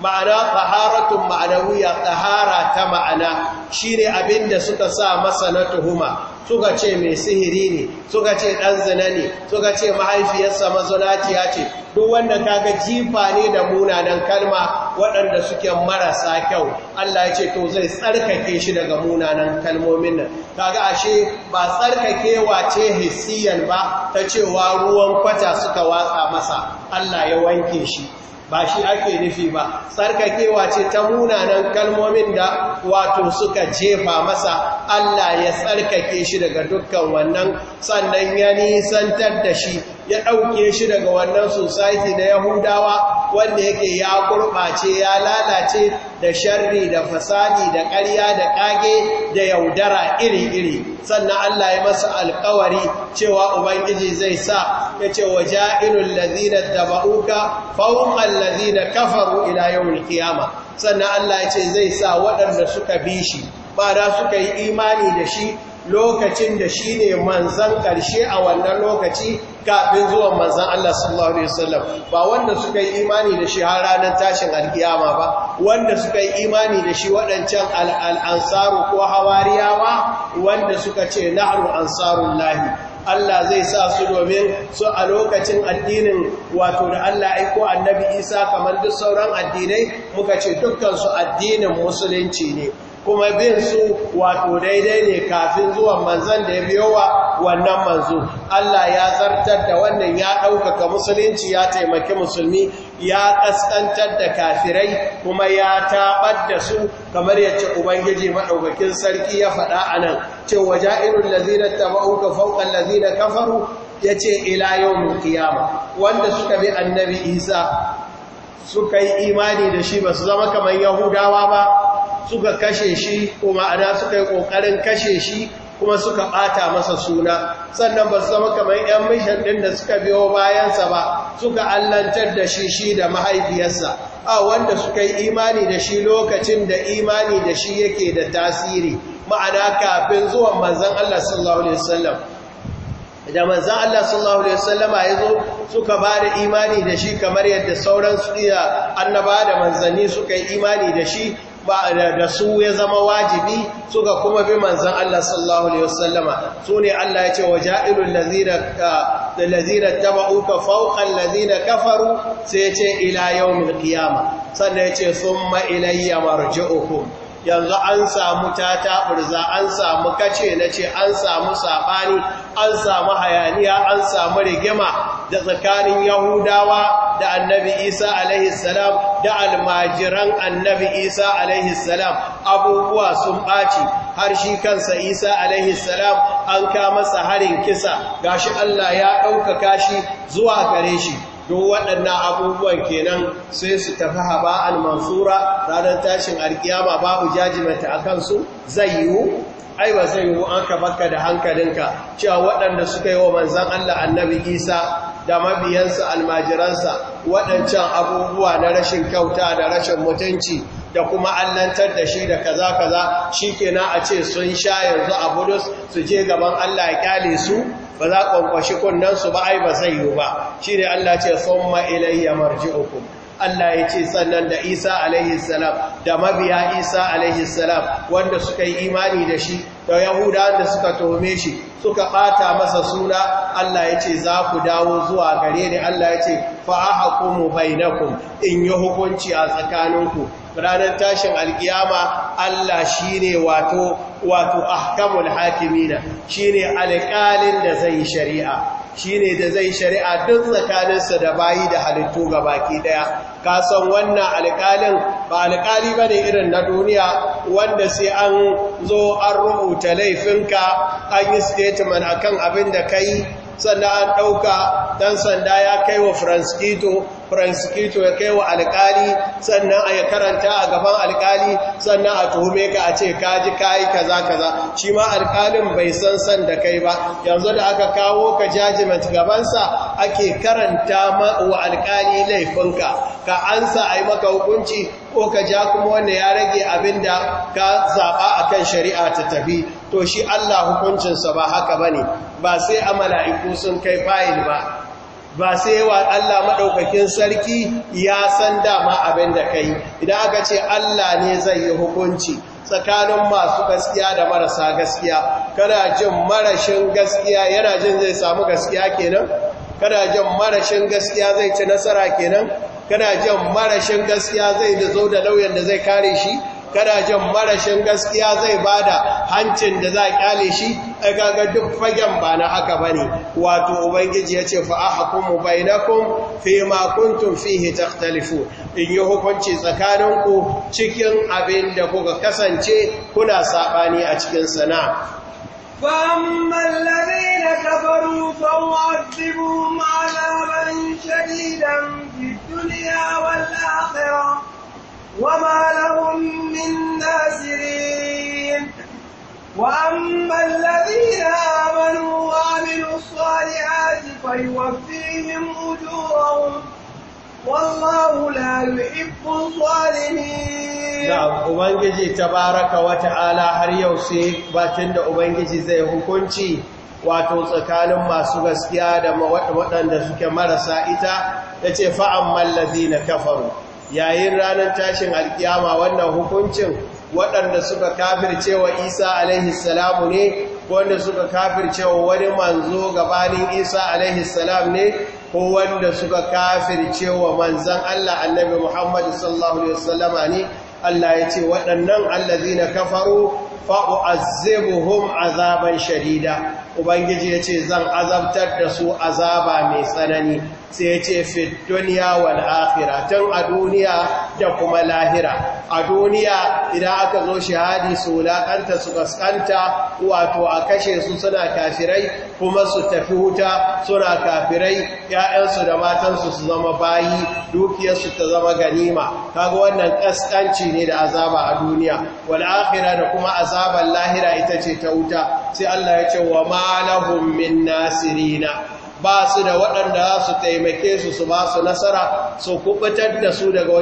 ma'ana taharatun ma'anawiyya tahara ta ma'ana shine da suka sa masa na tuhuma suka ce mai sihiri ne suka ce ɗan zina ne suka ce mahaifiyarsa mazunatiya ce duk wanda kaga jifa ne da munanan kalma waɗanda suke marasa kyau Allah ya ce to zai tsarkake shi daga munanan kalmomin nan kaga ashe ba tsarkakewa ce hissiyan ba ta cewa ruwan kwata suka watsa masa Allah ya wanke shi ba shi ake nufi ba tsarkakewa ce ta munanan kalmomin da wato suka jefa masa Allah ya tsarkake shi daga dukkan wannan sannan ya nisantar da shi ya ɗauke shi daga wannan society na yahudawa wanda yake ya gurɓace ya lalace da sharri da fasadi da ƙarya da ƙage da yaudara iri-iri sannan Allah ya masa alƙawari cewa ubangiji zai sa ya ce wa ja'ilul ladina tabauka fawqal ladina kafaru ila yawmil kiyama sannan Allah ya ce zai sa waɗanda suka bi shi ba da suka yi imani da shi lokacin da shi ne manzan ƙarshe a wannan lokaci kafin zuwa manzan Allah sallallahu Alaihi wasallam ba wanda suka yi imani da shi har ranar tashin alkiyama ba wanda suka yi imani da shi waɗancan al'ansaru ko hawariyawa wanda suka ce na'aru ansarun lahi Allah zai sa su domin su a lokacin addinin wato da Allah aiko annabi Isa kamar duk sauran addinai muka ce dukkan su addinin musulunci ne kuma bin su wato daidai ne kafin zuwan manzan da ya biyo wa wannan manzo Allah ya zartar da wannan ya ɗaukaka musulunci ya taimaki musulmi ya ƙasƙantar da kafirai kuma ya taɓar da su kamar yace ubangiji maɗaukakin sarki ya faɗa anan, nan cewa ja'irun lazina taba'uka fauƙan lazina kafaru ya ce ila yau kiyama wanda suka bi annabi isa suka yi imani da shi ba su zama kamar yahudawa ba suka kashe shi kuma ana suka yi ƙoƙarin kashe shi kuma suka ɓata masa suna sannan ba su zama kamar 'yan mishan ɗin da suka biyo bayansa ba suka allantar da shi shi da mahaifiyarsa a wanda suka yi imani da shi lokacin da imani da shi yake da tasiri ma'ana kafin zuwan manzan Allah sallallahu Alaihi wasallam da manzan Allah sallallahu Alaihi wasallama ya zo suka ba da imani da shi kamar yadda sauran su iya annaba da manzanni suka yi imani da shi da su ya zama wajibi suka kuma bi manzan Allah sallallahu Alaihi wasallama su ne Allah ya ce wa ja'ilun lazina taba'uka fauƙan lazina kafaru sai ce ila yau mil sannan ya ce sun ma'ilayya marji'uhum yanzu an samu tata burza an samu kace na ce an samu sabani an samu hayaniya an samu rigima da tsakanin yahudawa da annabi isa alaihi salam da almajiran annabi isa alaihi salam abubuwa sun ɓaci har shi kansa isa alaihi salam an kama harin kisa gashi allah ya ɗaukaka shi zuwa gare shi duk waɗannan abubuwan kenan sai su tafi haba al-mansura ranar tashin alkiyama babu jajimanta a kansu zai yiwu ai ba zai yiwu an ka baka da hankalinka cewa waɗanda suka yi wa manzan Allah annabi isa da mabiyansa almajiransa waɗancan abubuwa na rashin kyauta da rashin mutunci da kuma allantar da shi da kaza kaza shi na a ce sun sha yanzu a Budus su je gaban Allah ya kyale su ba za kwankwashi kunnan su ba ai ba zai yi ba Shi ne Allah ce ya marji uku. Allah ya ce sannan da Isa alaihi da mabiya Isa alaihi wanda suka yi imani da shi da Yahuda da suka tome shi suka ɓata masa suna Allah ya ce za ku dawo zuwa gare ni Allah ya ce fa ahkumu bainakum in yi hukunci a tsakaninku ranar tashin alkiyama Allah shi ne wato wato ahkamul hakimina ne alƙalin da zai yi shari'a Shi ne da zai shari'a duk tsakaninsa da bayi da halittu gabaki daya ka san wannan alƙalin ba alƙali ne irin na duniya wanda sai an zo an rubuta laifinka an yi statement kan abin da kai sannan an ɗauka ɗan sanda ya kai wa franskito prosecutor ya kai wa alkali sannan a karanta a gaban alkali sannan a tuhume ka a ce ka kaji kayi kaza kaza shi ma alkalin bai san san da kai ba yanzu da aka kawo ka judgment gabansa ake karanta wa alkali laifinka ka ansa a yi maka hukunci ko ka ja kuma wanda ya rage abin da ka zaɓa a kan shari'a ta tafi to shi Allah hukuncinsa ba haka ba ne ba sai a mala'iku sun kai fayil ba ba sai wa Allah maɗaukakin sarki ya san dama abin da kai idan aka ce Allah ne zai yi hukunci tsakanin masu gaskiya da marasa gaskiya kada jin marashin gaskiya yana jin zai samu gaskiya kenan kada jin marashin gaskiya zai ci nasara kenan kada jin marashin gaskiya zai zo da lauyan da zai kare shi kada jin marashin gaskiya zai bada hancin da za a kyale shi kaga duk fagen ba na haka bane wato ubangiji yace fa ahkumu bainakum fi ma kuntum fihi takhtalifun in yi hukunci tsakaninku cikin abin da kuka kasance kuna saɓani a cikin sana'a فأما الذين كفروا فأعذبهم عذابا شديدا في وما لهم من ناصرين وأما الذين آمنوا وعملوا الصالحات فيوفيهم أجورهم والله لا يحب الظالمين نعم ubangiji tabaraka wata'ala har yau sai batun da ubangiji zai hukunci wato tsakanin masu gaskiya da waɗanda suke marasa ita yace fa'an mallazi na kafaru yayin ranar tashin alkiyama wannan hukuncin waɗanda suka kafir cewa isa alaihi salamu ne wanda suka kafir cewa wani manzo gabanin isa alaihi salam ne ko wanda suka kafir kafircewa manzan allah annabi muhammadu sallallahu alaihi wasallama ne allah ya ce waɗannan allazina kafaru fa'u'azzibuhum azaban sharida ubangiji ya ce zan azabtar da su azaba mai tsanani sai ce fi duniya wal akhira tun a duniya da kuma lahira a duniya idan aka zo shahadi su wulaƙanta su kaskanta wato a kashe su suna kafirai kuma su tafi wuta suna kafirai ‘ya'yansu da matansu su zama bayi dukiyarsu ta zama ganima kaga wannan kaskanci ne da azaba a duniya wal akhira da kuma azaban lahira ita ce ta wuta sai Allah ya ce wa ma lahum nasirina ba su da waɗanda za su taimake su su ba su nasara su kubutar da su daga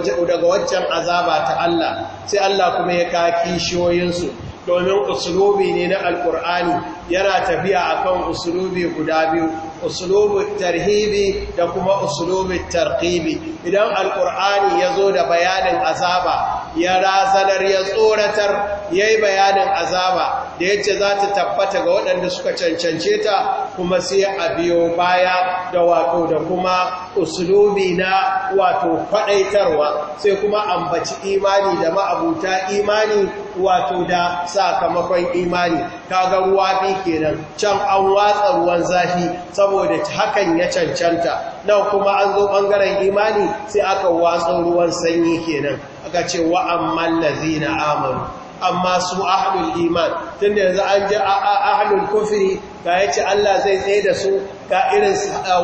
waccan azaba ta Allah sai Allah kuma ya kaki kishiyoyinsu. domin usulubi ne na alkur'ani yana tafiya akan usulubi guda biyu usulubi tarhibi da kuma usulubi tarhibi. idan Alƙur'ani ya zo da bayanin azaba ya razanar ya tsoratar ya yi bayanin azaba da yace za ta tabbata ga waɗanda suka cancance ta kuma sai a biyo baya da wato da kuma usulubi na wato faɗaitarwa sai kuma ambaci imani da ma'abuta imani wato da sakamakon imani kaga ruwa bi kenan can an watsa ruwan zafi saboda hakan ya cancanta nan kuma an zo ɓangaren imani sai aka watsa ruwan sanyi kenan aka ce wa'amman lazina amanu amma su ahlul iman tun yanzu an ji ahlul kufri ga ya ce Allah zai tsaye da su ga irin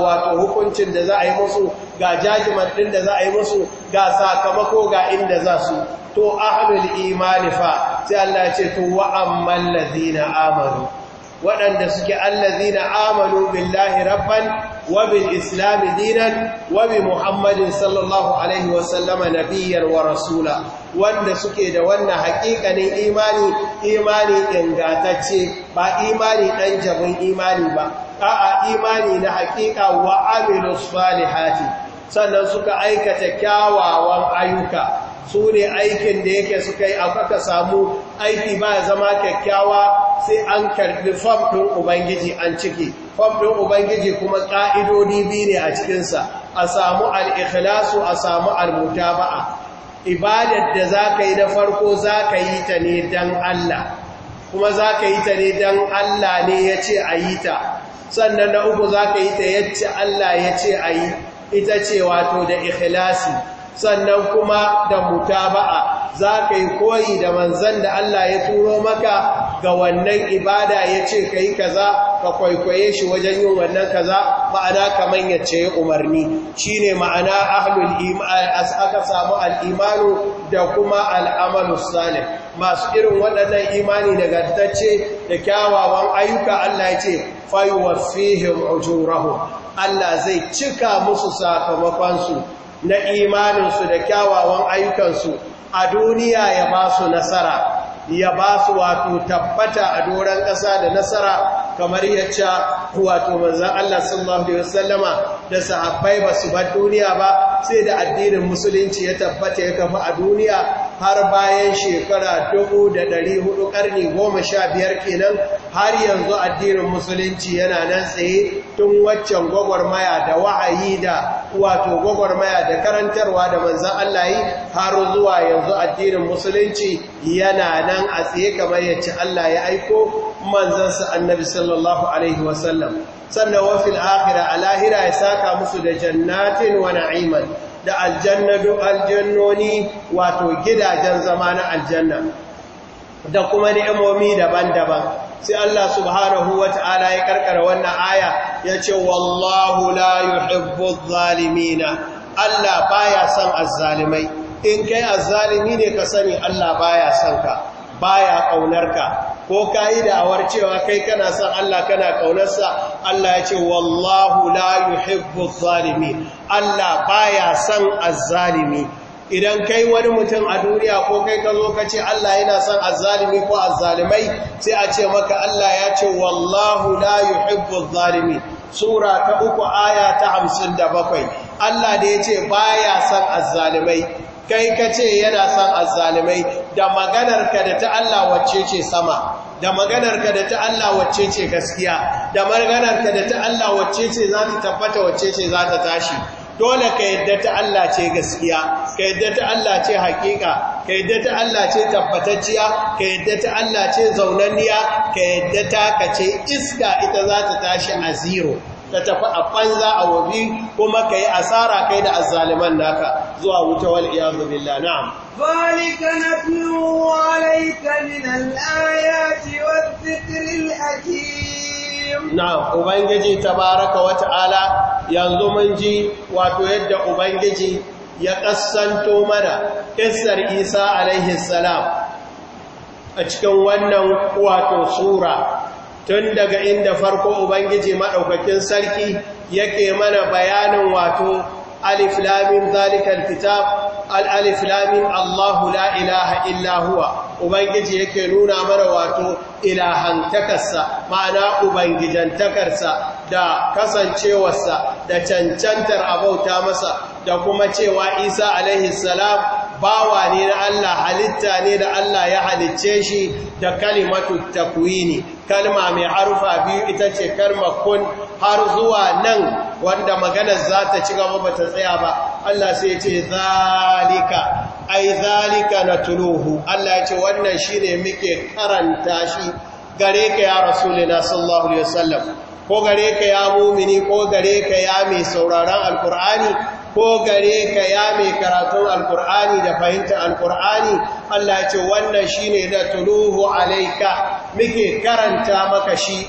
wato hukuncin da za a yi musu ga jajiman ɗin da za a yi musu ga sakamako ga inda za su to ahlul imani fa sai Allah ce to wa'amman ladina amanu waɗanda suke allazina amanu billahi rabban wa bil islam dinan wa bi muhammadin sallallahu alaihi wa sallama wa rasula wanda suke da wannan haƙiƙanin imani imani dangatacce ba imani dan jabin imani ba a'a imani na haƙiƙa wa amilus salihati sannan suka aikata kyawawan ayyuka su ne aikin da yake suka yi aka samu aiki ba zama kyakkyawa sai an karbi fam ɗin ubangiji an ciki fam ɗin ubangiji kuma ƙa'idodi biyu ne a cikinsa a samu al'ikhlasu a samu ba'a ibadar da za ka yi na farko za ka yi ta ne don Allah kuma za ka yi ta ne don Allah ne ya ce a yi ta sannan na uku za ka yi ta yacce Allah ya ce a yi ita ce wato da ikhlasi sannan kuma da mutaba'a za ka yi koyi da manzan da Allah ya turo maka ga wannan ibada ya ce ka yi kaza ka kwaikwaye shi wajen yin wannan kaza ma'ana kamar ya ce umarni shi ne ma'ana aka samu al'imanu da kuma al'amalu salim masu irin waɗannan imani da tace da kyawawan ayyuka Allah ya ce fayuwa fihim ujurahu Allah zai cika musu sakamakonsu na imaninsu da kyawawan ayyukansu a duniya ya ba su nasara ya ba su wato tabbata a doron ƙasa da nasara kamar yacca wato manzan Allah sallallahu Alaihi wasallama da sahabbai ba su bar duniya ba sai da addinin musulunci ya tabbata ya kafa a duniya har bayan shekara 1400 karni 15 kenan har yanzu addinin musulunci yana nan tsaye tun waccan gwagwarmaya da wa'ayi da wato gwagwarmaya da karantarwa da manzan Allah yi har zuwa yanzu addinin musulunci yana nan a tsaye kamar yace Allah ya aiko manzansa annabi sallallahu alaihi wasallam sannan wa fil a lahira ya saka musu da jannatin wa na'iman da aljannadu aljannoni wato gidajen zama na aljanna da kuma ni'imomi daban-daban sai Allah subhanahu wata'ala ya karkara wannan aya ya ce wallahu la yuhibbu zalimina Allah baya son azzalimai in kai azzalimi ne ka sani Allah baya son ka baya kaunarka ko kai da'awar cewa kai kana son Allah kana kaunarsa Allah ya ce wallahu la yuhibbu zalimi Allah baya son azzalimi idan kai wani mutum a duniya ko kai ka zo ka ce Allah yana son azzalimi ko azzalimai sai a ce maka Allah ya ce wallahu la yuhibbu zalimi sura ta uku aya ta hamsin da bakwai Allah da ya ce baya son azzalimai kai ka ce yana son azzalimai da maganarka da ta Allah wacce ce sama da maganarka da ta Allah wacce ce gaskiya da maganarka da ta Allah wacce ce za ta tabbata wacce ce za ta tashi dole ka yadda ta Allah ce gaskiya ka yadda ta Allah ce hakika ka yadda ta Allah ce tabbatacciya ka yadda ta Allah ce zaunanniya ka yadda ta ka ce iska ita za ta tashi a zero ka tafi a fanza a wabi kuma ka yi asara kai da azzaliman naka zuwa wuta wal iyazu billah na'am zalika natlu alayka min al-ayati wadh-dhikril hakim na'am ubangiji tabaaraka wa ta'ala yanzu mun ji wato yadda ubangiji ya kassanto mana kissar Isa alaihi salam a cikin wannan wato sura tun daga inda farko ubangiji maɗaukakin sarki yake mana bayanin wato aliflamin lamin kitab al'aliflamin Allahu la ilaha ubangiji yake nuna mana wato ilahantakarsa ma'ana ubangijantakarsa da kasancewarsa da cancantar abauta masa da kuma cewa Isa alaihi salam bawa ne na Allah halitta ne da Allah ya halicce shi da kalimatu takwini kalma mai harfa biyu ita ce kalma kun har zuwa nan wanda maganar za ta ci gaba ba ta tsaya ba Allah sai ya ce zalika ai zalika na tuluhu Allah ya ce wannan shi ne muke karanta shi gare ka ya rasulina sallallahu alaihi wasallam ko gare ka ya mumini ko gare ka ya mai sauraron alkur'ani ko gare ka ya mai karatun alkur'ani da fahimtar alkur'ani Allah ce wannan shine da tuluhu alaika muke karanta maka shi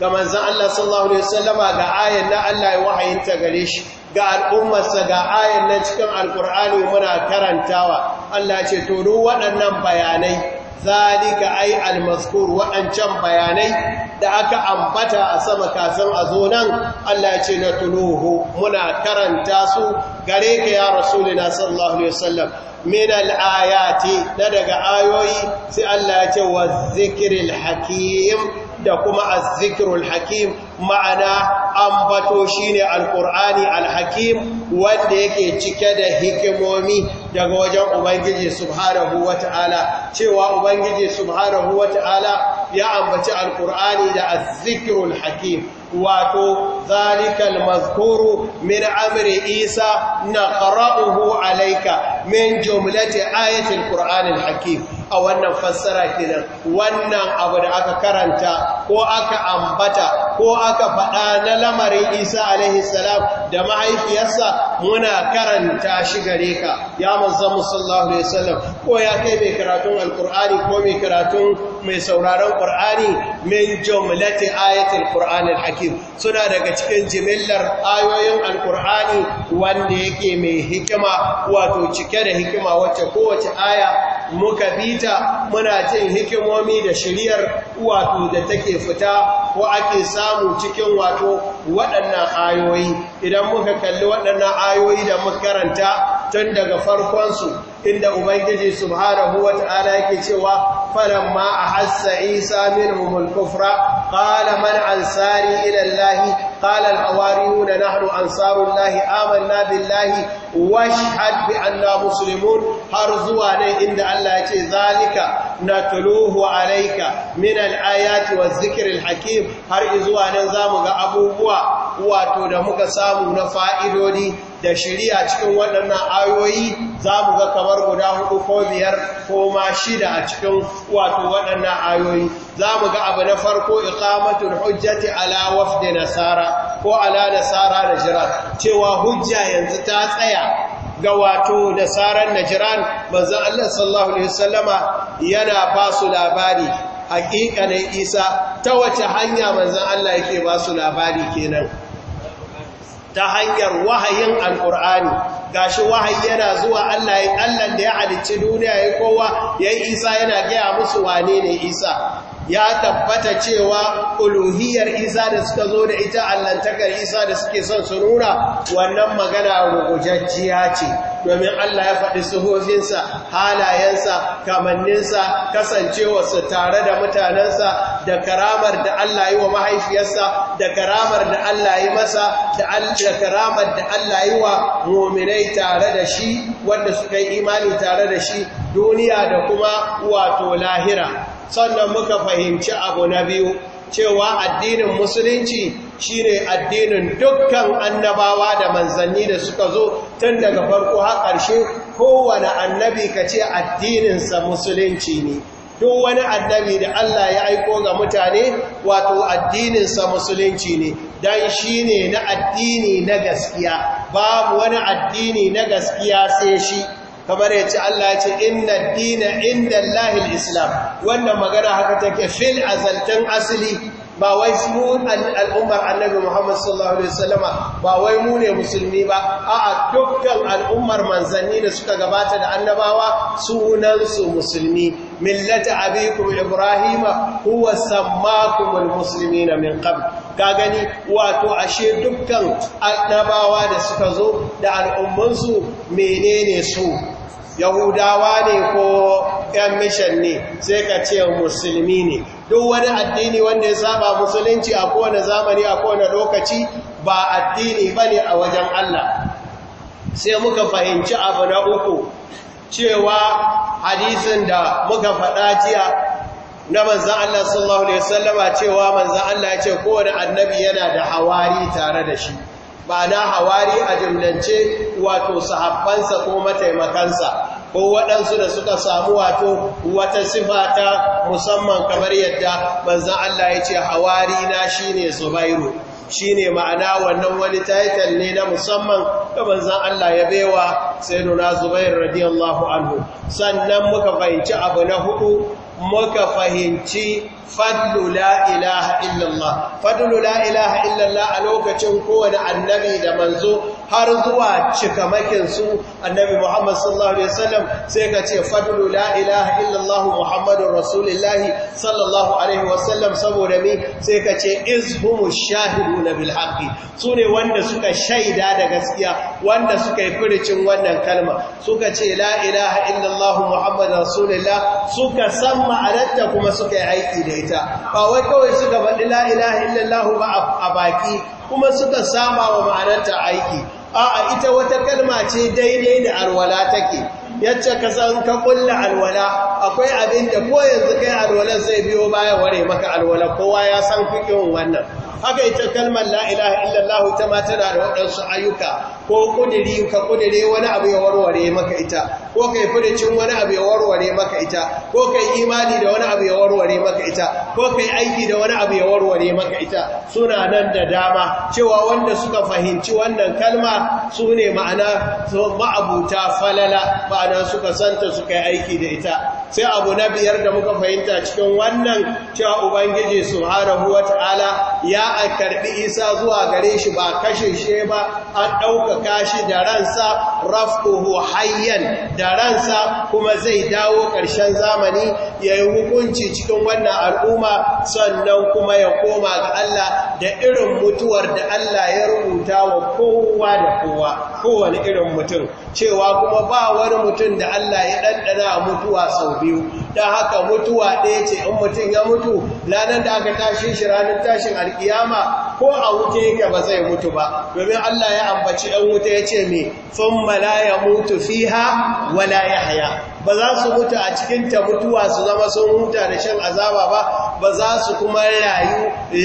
ga manzan Allah sallallahu alaihi wasallama ga ayan na Allah ya wahayinta gare shi ga al'ummarsa ga ayan na cikin alkur'ani muna karantawa Allah ce to waɗannan bayanai zalika ai almazkur waɗancan bayanai da aka ambata a sama kasan a zo nan Allah ya ce na tuluhu muna karanta su gare ka ya rasulina sallallahu alaihi wasallam min al-ayati na daga ayoyi sai Allah ya ce wa zikril hakim da kuma az-zikrul hakim ma'ana ambato shine alqur'ani alhakim wanda yake cike da hikimomi daga wajen ubangiji subhanahu wataala cewa ubangiji subhanahu wataala ya ambaci alqur'ani da azzikrul hakim wato zalikal mazkuru min amri isa naqra'uhu alayka min jumlati ayatil qur'anil hakim a wannan fassara kenan wannan abu da aka karanta ko aka ambata ko aka faɗa na lamarin isa alaihi salam da mahaifiyarsa muna karanta shi gare ka ya manzan musallahu alaihi salam ko ya kai mai karatun alkur'ani ko mai karatun mai sauraron ƙur'ani min jumlati ayatul qur'an alhakim suna daga cikin jimillar ayoyin alkur'ani wanda yake mai hikima wato cike da hikima wacce kowace aya muka bita muna cin hikimomi da shiriyar wato da take fita ko ake samu cikin wato waɗannan ayoyi idan muka kalli waɗannan ayoyi da muka karanta tun daga farkonsu inda ubangiji subhanahu wata'ala yake cewa falamma ahassa isa minhum al-kufra qala man ansari ila allah qala al nahnu ansaru allah amanna billahi washhad bi anna muslimun har zuwa ne inda Allah ya ce zalika natluhu alayka min al-ayati waz-zikril hakim har izuwa nan zamu ga abubuwa wato da muka samu na fa'idodi da shari'a cikin waɗannan ayoyi zamu ga kamar guda hudu ko biyar ko ma shida a cikin wato waɗannan ayoyi zamu ga abu na farko iqamatul hujjati ala wafdi nasara ko ala nasara da jira cewa hujja yanzu ta tsaya ga wato da nasaran najiran manzan Allah sallallahu Alaihi wasallama yana ba su labari hakikanin isa ta wace hanya manzan Allah yake ba su labari kenan ta hanyar wahayin al'ur'ani gashi wahayi yana zuwa Allah da ya halicci duniya ya kowa ya isa yana gaya musu wane ne isa ya tabbata cewa uluhiyar isa da suka zo da ita allantakar isa da suke son su nuna wannan magana rubutacciya ce domin Allah ya faɗi suhofinsa halayensa kamanninsa kasancewarsa tare da mutanensa da karamar da Allah yi wa mahaifiyarsa da karamar da Allah yi masa da karamar da Allah yi wa rominai tare da shi wanda suka yi imani tare da shi duniya da kuma wato lahira sannan muka fahimci abu na biyu cewa addinin musulunci shine addinin dukkan annabawa da manzanni da suka zo tun daga farko har ƙarshe kowane annabi ka ce addininsa musulunci ne duk wani annabi da Allah ya aiko ga mutane wato addininsa musulunci ne Dan shi ne na addini na gaskiya babu wani addini na gaskiya sai shi kamar ya Allah ya ce inna dina inda Allahil Islam wannan magana haka take fil azaltan asali ba wai mu al'ummar annabi Muhammad sallallahu alaihi wasallama ba wai mu ne musulmi ba a'a dukkan al'ummar manzanni da suka gabata da annabawa sunan su musulmi millata abikum ibrahima huwa sammakumul muslimina min qabl ka gani wato ashe dukkan annabawa da suka zo da al'ummansu menene su yahudawa ne ko yan mishan ne sai ka ce musulmi ne duk wani addini wanda ya saba musulunci a kowane zamani a kowane lokaci ba addini ba ne a wajen Allah sai muka fahimci abu na uku cewa hadisin da muka faɗa jiya na manzan Allah sallallahu Alaihi wasallama cewa manzan Allah ya ce kowane annabi yana da hawari tare da shi ba na hawari a jimlance wato sahabbansa ko mataimakansa ko waɗansu da suka samu wato wata sifa ta musamman kamar yadda manzan Allah ya ce hawari na shi ne zubairu shi ne ma'ana wannan wani taitel ne na musamman da manzan Allah ya bewa sai nuna zubairu radiyallahu anhu sannan muka fahimci abu na hudu muka fahimci fadlu la ilaha illallah fadlu la ilaha illallah a lokacin kowane annabi da manzo har zuwa cikamakin su annabi Muhammad sallallahu alaihi wasallam sai ka ce fadlu la ilaha illallah muhammadur rasulullah sallallahu alaihi wasallam saboda me sai ka ce izhumu shahiduna bil haqqi sune wanda suka shaida da gaskiya wanda suka yi furucin wannan kalma suka ce la ilaha illallah muhammadur rasulullah suka san ma'anarta kuma suka yi aiki da ita ba wai kawai suka faɗi lailaha illallahu ba a baki kuma suka sama wa ma'anarta aiki a'a ita wata kalma ce daidai da alwala take yadda ka san ka kulla alwala akwai abin da ko yanzu kai alwalar zai biyo baya ware maka alwala kowa ya san fikin wannan haka ita kalmar la'ilaha illallahu ita ta ma tana da waɗansu ayyuka ko kudiri ka kudire wani abu ya warware maka ita ko kai furicin wani abu ya warware maka ita ko kai imani da wani abu ya warware maka ita ko kai aiki da wani abu ya warware maka ita suna nan da dama cewa wanda suka fahimci wannan kalma su ne ma'ana ma'abuta falala ma'ana suka santa suka kai aiki da ita sai abu na biyar da muka fahimta cikin wannan cewa ubangiji subhanahu wata'ala ya karɓi isa zuwa gare shi ba kashe shi ba an ɗauka ɗauka shi da ransa raf'uhu hayyan da ransa kuma zai dawo ƙarshen zamani ya yi hukunci cikin wannan al'umma sannan kuma ya koma ga Allah da irin mutuwar da Allah ya rubuta wa kowa da kowa kowane irin mutum cewa kuma ba wani mutum da Allah ya ɗanɗana mutuwa sau biyu Da haka mutuwa ɗaya ce in mutum ya mutu lanar da aka tashi shi ranar tashin alkiyama ko a wuce yake ba zai mutu ba domin Allah ya ambaci ‘yan wuta ya ce me sun malaya mutu fiha wala ya haya ba za su mutu a cikin ta mutuwa su zama sun huta da shan azaba ba ba za su kuma rayu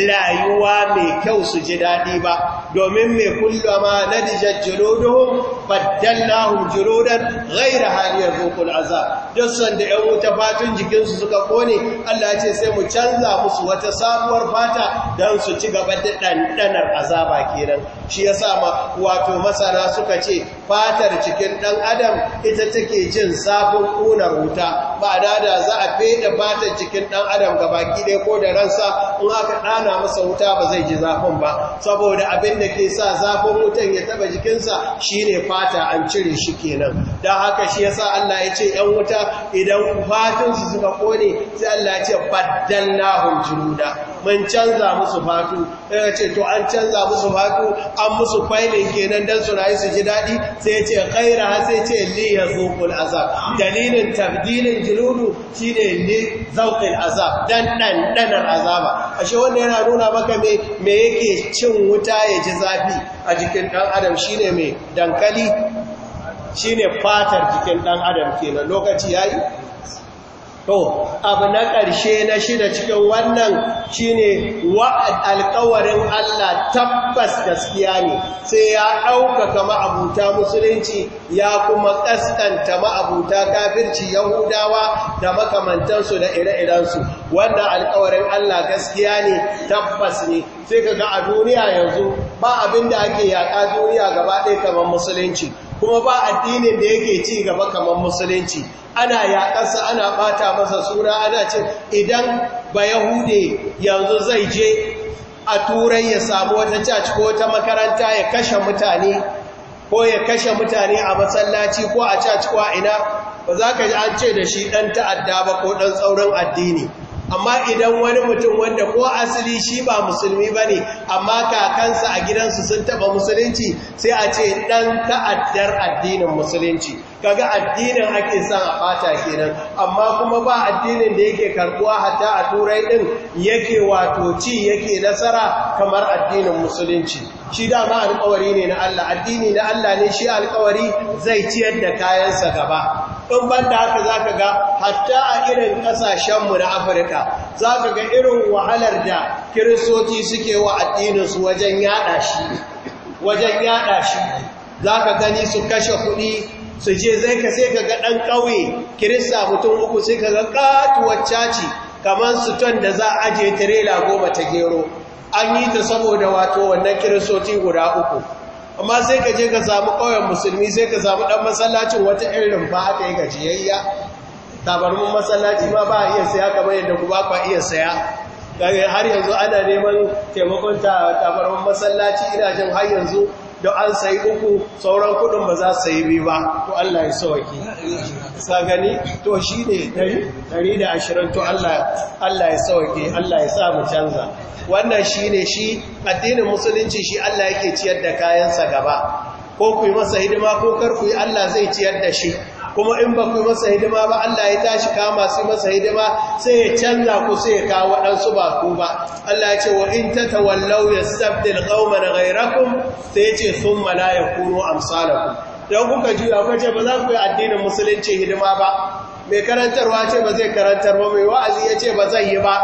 rayuwa mai kyau su ji daɗi ba domin mai kullama na dijar jirodohun baddallahun jirodan gaira hariyar hukun azab dusan da ‘yan wuta fatun jikinsu suka kone Allah ce sai mu canza musu wata sabuwar fata don su ci gaba da ɗanɗanar azaba kenan shi ya sama wato masana suka ce fatar cikin ɗan adam ita take jin sabon kuna ruta ba da da za a fede batan cikin ɗan adam gaba dai ko da ransa in aka dana masa wuta ba zai ji zafin ba saboda abin da ke sa zafin wutan ya taba jikinsa shine fata an cire shi kenan dan haka shi yasa Allah ya ce yan wuta idan fatin su suka kone sai Allah ya ce baddalnahum juluda mun canza musu fatu ya ce to an canza musu fatu an musu kwailin kenan dan su rayu su ji daɗi sai ce kaira sai ce li yazuqul azab dalilin tabdilin jiludu shine ne li zauƙin azab don dan azaba ashe wanda yana nuna maka me yake cin wuta ya ji zafi a jikin dan adam shine me dankali shine fatar jikin ɗan adam kenan lokaci yayi to abu na ƙarshe na shida cikin wannan shine wa alƙawarin Allah tabbas gaskiya ne sai ya ɗaukaka ma'abuta musulunci ya kuma ƙasƙanta ma'abuta kafirci yahudawa da makamantansu da ire-irensu wannan alkawarin Allah gaskiya ne tabbas ne sai ka ga a duniya yanzu ba abin da ake yaƙa duniya gaba ɗaya kamar musulunci kuma ba addinin da yake ci gaba kamar musulunci ana yaƙarsa ana ɓata masa suna ana ce idan ba yahude yanzu zai je a turai ya samu wata caci ko wata makaranta ya kashe mutane ko ya kashe mutane a masallaci ko a caci ko a ina ba za ka ji an ce da shi ɗan ta'adda ba ko ɗan tsaurin addini amma idan wani mutum wanda ko asali shi ba musulmi ba ne amma kakansa a gidansu sun taba musulunci sai a ce ɗan ta'addar addinin musulunci kaga addinin ake san a fata kenan amma kuma ba addinin da yake karbuwa hatta a turai ɗin yake wato ci yake nasara kamar addinin musulunci shi dama alkawari ne na Allah addini na Allah ne shi alkawari zai ciyar da kayansa gaba in banda haka za ka ga hatta a irin ƙasashenmu na afirka za ka ga irin wahalar da kiristoci suke wa addininsu wajen yada shi wajen yada shi za ka gani su kashe kuɗi su je zai ka sai ka ga ɗan ƙauye kirista mutum uku sai ka ga ƙatuwar caci kamar su ton da za a ajiye tirela goma ta gero an yi ta saboda wato wannan kiristoci guda uku amma sai ka je ka samu ƙauyen musulmi sai ka samu ɗan masallacin wata irin ba aka yi gajiyayya tabarmin masallaci ma ba a iya saya kamar yadda ku ba kwa iya saya har yanzu ana neman taimakon tabarmin masallaci ina jin har yanzu da an sai uku sauran kudin ba za su sayi biyu ba to Allah ya sauki sa gani to shi ne dari da ashirin to Allah ya sauki Allah ya sa mu canza wannan shi ne shi addinin musulunci shi Allah yake ciyar da kayansa gaba ko ku yi masa hidima ko kar ku yi Allah zai ciyar da shi kuma in ba ku masa hidima ba Allah ya tashi kama su masa hidima sai ya canza ku sai ya kawo waɗansu ba ku ba Allah ya ce wa in ta tawallau ya sabdil qauman ghayrakum sai ya ce thumma la yakunu amsalakum dan kuka ji kuka kace ba za ku yi addinin musulunci hidima ba mai karantarwa ce ba zai karantar ba mai wa'azi ya ce ba zai yi ba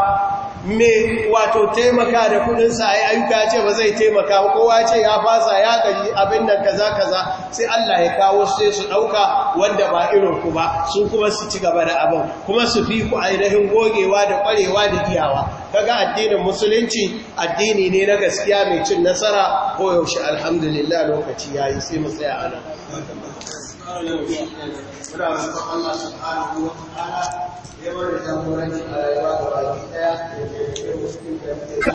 Me wato taimaka da kudinsa a yi ayyuka ce ba zai taimaka kowa ce ya fasa ya gaji abin nan kaza kaza sai Allah ya kawo sai su ɗauka wanda ba irin ku ba su kuma su ci gaba da abin kuma su fi ku ainihin gogewa da ƙwarewa da iyawa kaga addinin musulunci addini ne na gaskiya mai cin nasara ko yaushe alhamdulillah lokaci yayi sai mu tsaya ana muna roƙon Allah subhanahu wa ta'ala ya da a rayuwa baki daya da ke